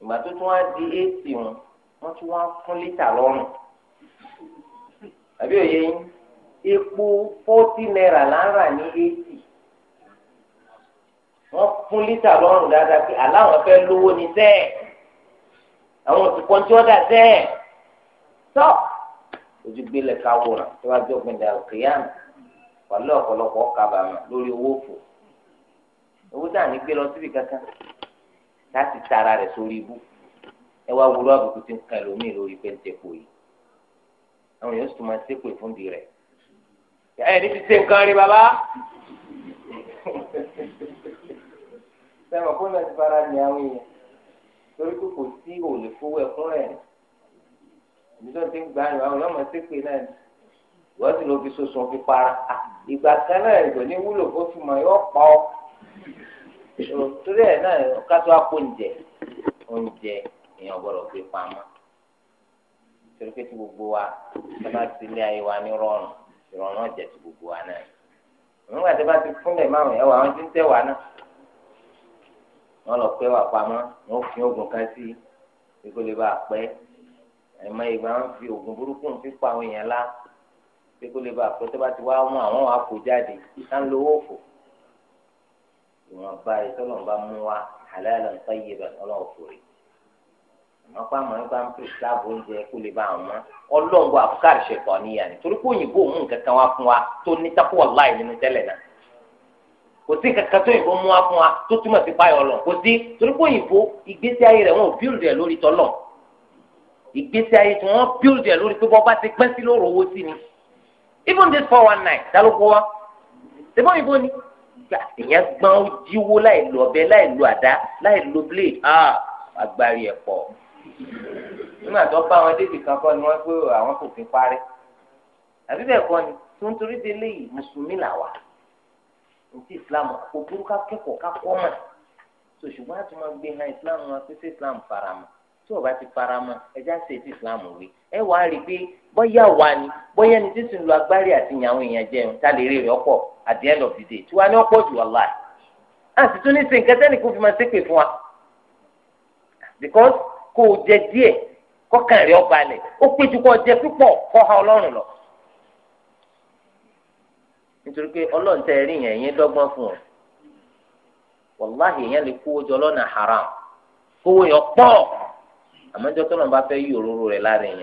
ìgbà tó tún wá di eighty wọn wọ́n tún wá fún lítà lọ́rùn àbí òye yín epo forty naira là ń rà ní eighty wọ́n fún lítà lọ́rùn dáadáa pé aláwọn fẹ́ lówó ni sẹ́ẹ̀ àwọn òsìkò tí wọ́n dà sẹ́ẹ̀ tọ́ ojú gbélé káwòrán tó bá jọ gbẹ̀dẹ̀ àkèyàn pẹ̀lú ọ̀pọ̀lọpọ̀ kábàámọ̀ lórí owó fò owó tí a ní gbé lọ síbi kankan láti tara rẹ̀ sórí ibú ẹ wá wúlò àbùkù tí ń kan ẹlòmíì lórí péńtẹ́pò yìí àwọn yóò sùn máa ń sépè fún di ẹ níbi tí rí bàbá sẹ́wọ̀n kó náà ti fara ní àwọn èèyàn torí pé kò sí òòlù fowó ẹ̀kún rẹ̀ ìdíjọ́ ti ń gbà yàn àwọn ọmọ sí pé náà wọ́n sì lọ fi soso fi para ìgbà kan náà ìgbò ní wúlò kó fi mọ̀ yọ pa ọ́ torí ẹ̀ náà ká tó apò oúnjẹ oúnjẹ èèyàn gbọ́dọ̀ gbé pamọ́ torí pé ti gbogbo wa ẹ bá ti lé ayé wa ní rọrùn ìrọ̀rùn ọ̀jẹ̀ ti gbogbo wa náà nígbà tí a bá ti fúnlẹ̀ máa ń ẹwà àwọn tí ń tẹ̀wá náà wọn lọ pẹ wà pamọ́ wọn fi oògùn kan sí ìkó lè bá a pẹ ẹmọ ìgbà wọn fi oògùn burúkú ń fi pa àwọn èèyàn la ìkó lè bá a pẹ tó bá ti wá mú àwọn wà kó jáde ká ń lo owó fò ìwọn bá ìtọ́lọ̀ bá mú wa halalan tayyiban ọlọ́wọ́ fòrè àmọ́ pa àmọ́ nípa ń pè sáàbù oúnjẹ kó lè bá àwọn mọ́ ọlọ́ngbọ àfúkàrìṣẹ̀kọ̀ níyà ni torí pé òyìnbó mú nǹkan wá fún wa tó ní tápọ̀ láì nínú tẹ́lẹ̀ náà kò sí kankan tó yìnbó mú wa fún wa tó túmọ̀ sí páyọ̀ lọ kò sí torí pé òyìnbó ìgbésí ayé rẹ̀ wọn ò bíòlù rẹ̀ lórí tọ́lọ̀ ìgbésí ayé tí wọ́n bíòlù rẹ̀ lórí pé wọ́n bá ti pẹ́ sí lóru owó sí ni even this four one nine dálógún wa ṣèbọn òyìnbó ni ìyẹn gbọ́n ó jíwó láì lo ọ̀bẹ láì lo àdá láì lo blade ah agbárí ẹ̀ pọ̀ nígbà tó bá wọn débi kan kọ́ ni wọ́n pé àwọn kò fi parẹ́ àbí bẹ́ẹ̀ kọ́ ni tó ń torí délé yìí mùsùlùmí làwà nti islam òbúrú ká kẹ́kọ̀ọ́ ká kọ́ mọ̀ so ṣùgbọ́n a tún máa gbé hàn islam wọn pé ṣé islam farama tí o bá ti farama ẹja ṣe ti islam wí ẹ wà á rí i pé bóyá wà ní bóyá ni tí sùn lu agbárí àti ìyàwó èèyàn jẹun tá lè rí rẹ ọ̀pọ̀ at the end of the day tí wàá ọpọ ọ̀pọ̀ jù ọlá à sì tún ní sè nǹkan tẹ́nì kó fi máa ṣépè fún wa because kò jẹ díẹ̀ kọ́kàn rẹ̀ ọ̀balẹ̀ ó péjú kọ jẹ púpọ̀ kọ́ ha ọlọ́run lọ. nítorí pé ọlọ́run tẹ ẹrí yẹn yẹn dọ́gbọ́n fún ọ wàláhì yẹn lè kówó jọ lọ́nà haram kówó yẹn pọ̀ àmọ́jọ́ tó lọ́nà bá fẹ́ yí òróró rẹ̀ lára yẹn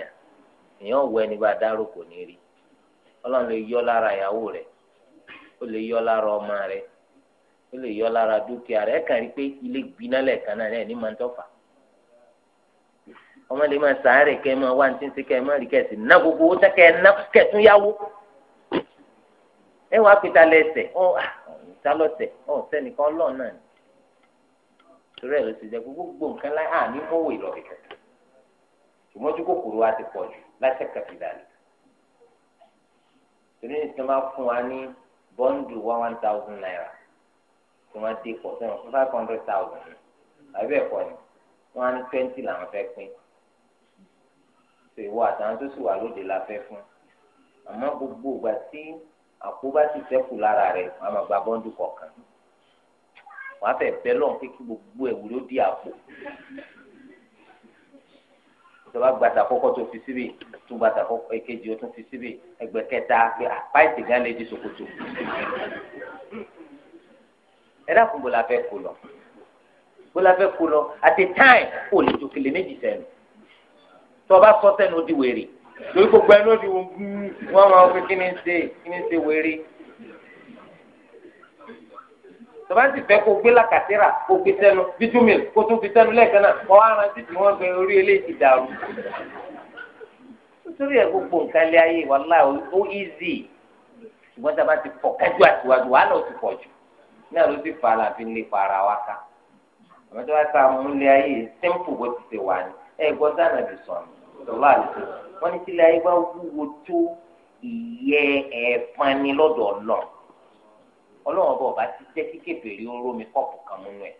èèyàn wọ ẹni bá dárò kò ní rí ọlọ́run lè lára ìyàwó rẹ̀ ó lè lára ọmọ rẹ̀ ó lè lára dúkìá rẹ̀ rí pé ilé gbiná náà ní máa ń tọ́fà ọmọ lè máa sàárẹ̀ kẹ́ máa wá ní tí ń ẹ wàá pè ta lẹsẹ ọ ta lọsẹ ọ sẹnìkan Ọlọ́run náà ni torí ẹ ló ti jẹ gbogbo nǹkan láì hàn ní mọwé lọrẹ ṣùgbọ́n ojú kòkòrò wa ti pọ̀ jù láṣẹ kàfìdálì torí ní sinimá fún wa ní bọ́ńdù wá one thousand naira tí wọ́n dé pọ̀ sẹ́wọ̀n five hundred thousand àbí ẹ̀kọ́ ni wọ́n á ní twenty làwọn fẹ́ pín ṣèwọ́ àtàwọn tó sì wà lóde la fẹ́ fún àmọ́ gbogbo ìgbà tí àkóbá sì fẹ́kù lára rẹ̀ wọ́n á máa gba bọ́ńdù kọ̀ọ̀kan wọ́n á fẹ́ bẹ́ lọ́n pé kí gbogbo ẹ̀wù ló di àpò ìjọba gbàtà kọ́kọ́ tó fi síbi tún gbàtà kọ́kọ́ èkejì ó tún fi síbi ẹgbẹ́ kẹta pé àpáìtì ah, gan lè di ṣòkòtò ẹ dákun bó la fẹ́ kó lọ bó la fẹ́ kó lọ àti táì kò lè tó kele méjì sẹ́nu tọ́ba sọ di wèrè lórí gbogbo ẹni ó di wọn wọn máa wọ kí ni ṣe kí ni ṣe wéré tọ́ba ti fẹ́ kó gbé làkàtìrà kó gbé sẹ́nu bítúmìl kó tún fi sẹ́nu lẹ́ẹ̀kan náà kọ́ ara ti fi wọ́n gbé orí eléyìí ti dàrú. nítorí ẹ̀ gbogbo nǹkan lé ayé wàhálà ó ízì ṣùgbọ́n tọ́ba ti pọ̀ kájú àtiwájú wàhálà ó ti pọ̀ jù náà ló ti fà á láfi lè para wa ká. àmọ́ tọ́ba ta mú lé ayé simple bó ti ṣe wà ní ẹ̀ gbọ́ sànà ti sọ̀rọ̀ lọ́wọ́ àlùfẹ́ wọ́n ní tílé ayé bá wúwo tó ìyẹ́ ẹ̀fọn ni lọ́dọ̀ ọlọ́run ọlọ́run ọba ọba ti jẹ́ kí kébèrè oró mi kọ́ọ̀pù kan múnú ẹ̀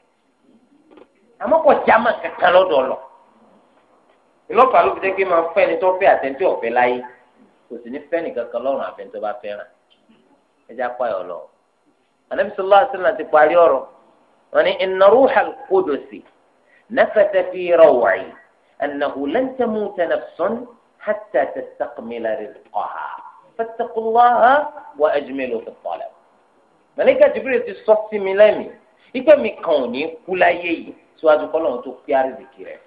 àmọ́ kò já mà kankan lọ́dọ̀ ọlọ́ ìlọ́pàá ló fi jẹ́ pé máa fẹ́ ẹni tó fẹ́ àtẹ̀ntì ọ̀fẹ́ láyé kò sì ní fẹ́ nìkan kan lọ́rùn àfẹ́ni tó bá fẹ́ràn ẹjẹ́ apá ẹ̀ ọ̀lọ́ Ànábì sallallahu alaihi wasallam ti parí ọ̀rọ̀ wọn ni inna ruhal qudusi nafatha fi raw'i annahu lan tamuta nafsun حتى تستكمل رزقها فاتقوا الله وأجملوا في الطلب ملائكة جبريل ti sọ sí mi lẹ́mìí ipe mi kan ò ní kú láyé yìí síwájú kọ́lọ́run tó pé àrísìkí rẹ̀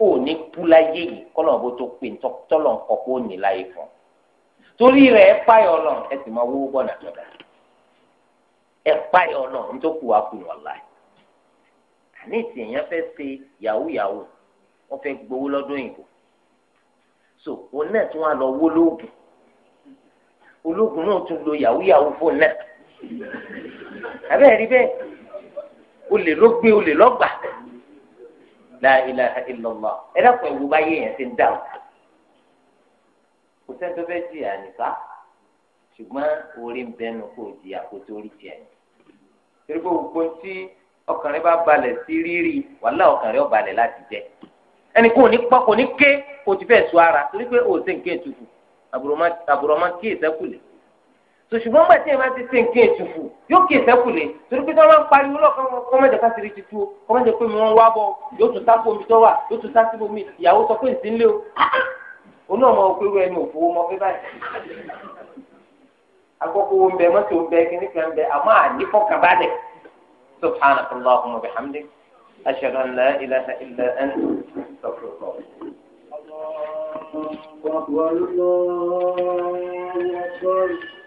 ò ní kú láyé yìí kọ́lọ́run bó tó pé tọ́lọ̀ nǹkan kó ní láyé fún un torí rẹ̀ ẹ wọ́n fẹ́ gbowó lọ́dún òyìnbó so òun náà tún wá lọ wó lóògùn ológun náà tún lo yahoo yahoo fóun náà àbẹ́ẹ̀ rí bẹ́ẹ̀ olè ló gbé olè lọ́gbà la ilaha illallah ẹ dákun ẹ̀wù báyé yẹn ti ń dà o kò sẹ́ni tó fẹ́ jìyà nìfà ṣùgbọ́n orí ń bẹnu kò jìyà kó tó rí jẹ torí pé gbogbo tí ọkàn rẹ bá balẹ̀ sí rírì wàhálà ọkàn rẹ ó balẹ̀ láti jẹ. ẹni kò ní pọ kò ní ké kò ti fẹ́ tu ara torí pé o ṣe nǹkan ètùfù àbùrọ̀ máa kí ìsẹ́kùlẹ̀ tò nke gbà tí ẹ bá ti ṣe nǹkan ètùfù yóò ulo ìsẹ́kùlẹ̀ torí pé tí wọ́n bá ń pariwo lọ́kàn kọ́mẹ́jẹ káṣírí ti o kọ́mẹ́jẹ pé mi wọ́n wá bọ̀ yóò tún sá fún wà yóò tún sá sí o onú ọmọ òfowó mọ báyìí wo ń bẹ mọ́tò ń bẹ ń bẹ àmọ́ أشهد أن لا إله إلا أنت استغفر الله الله أكبر الله أكبر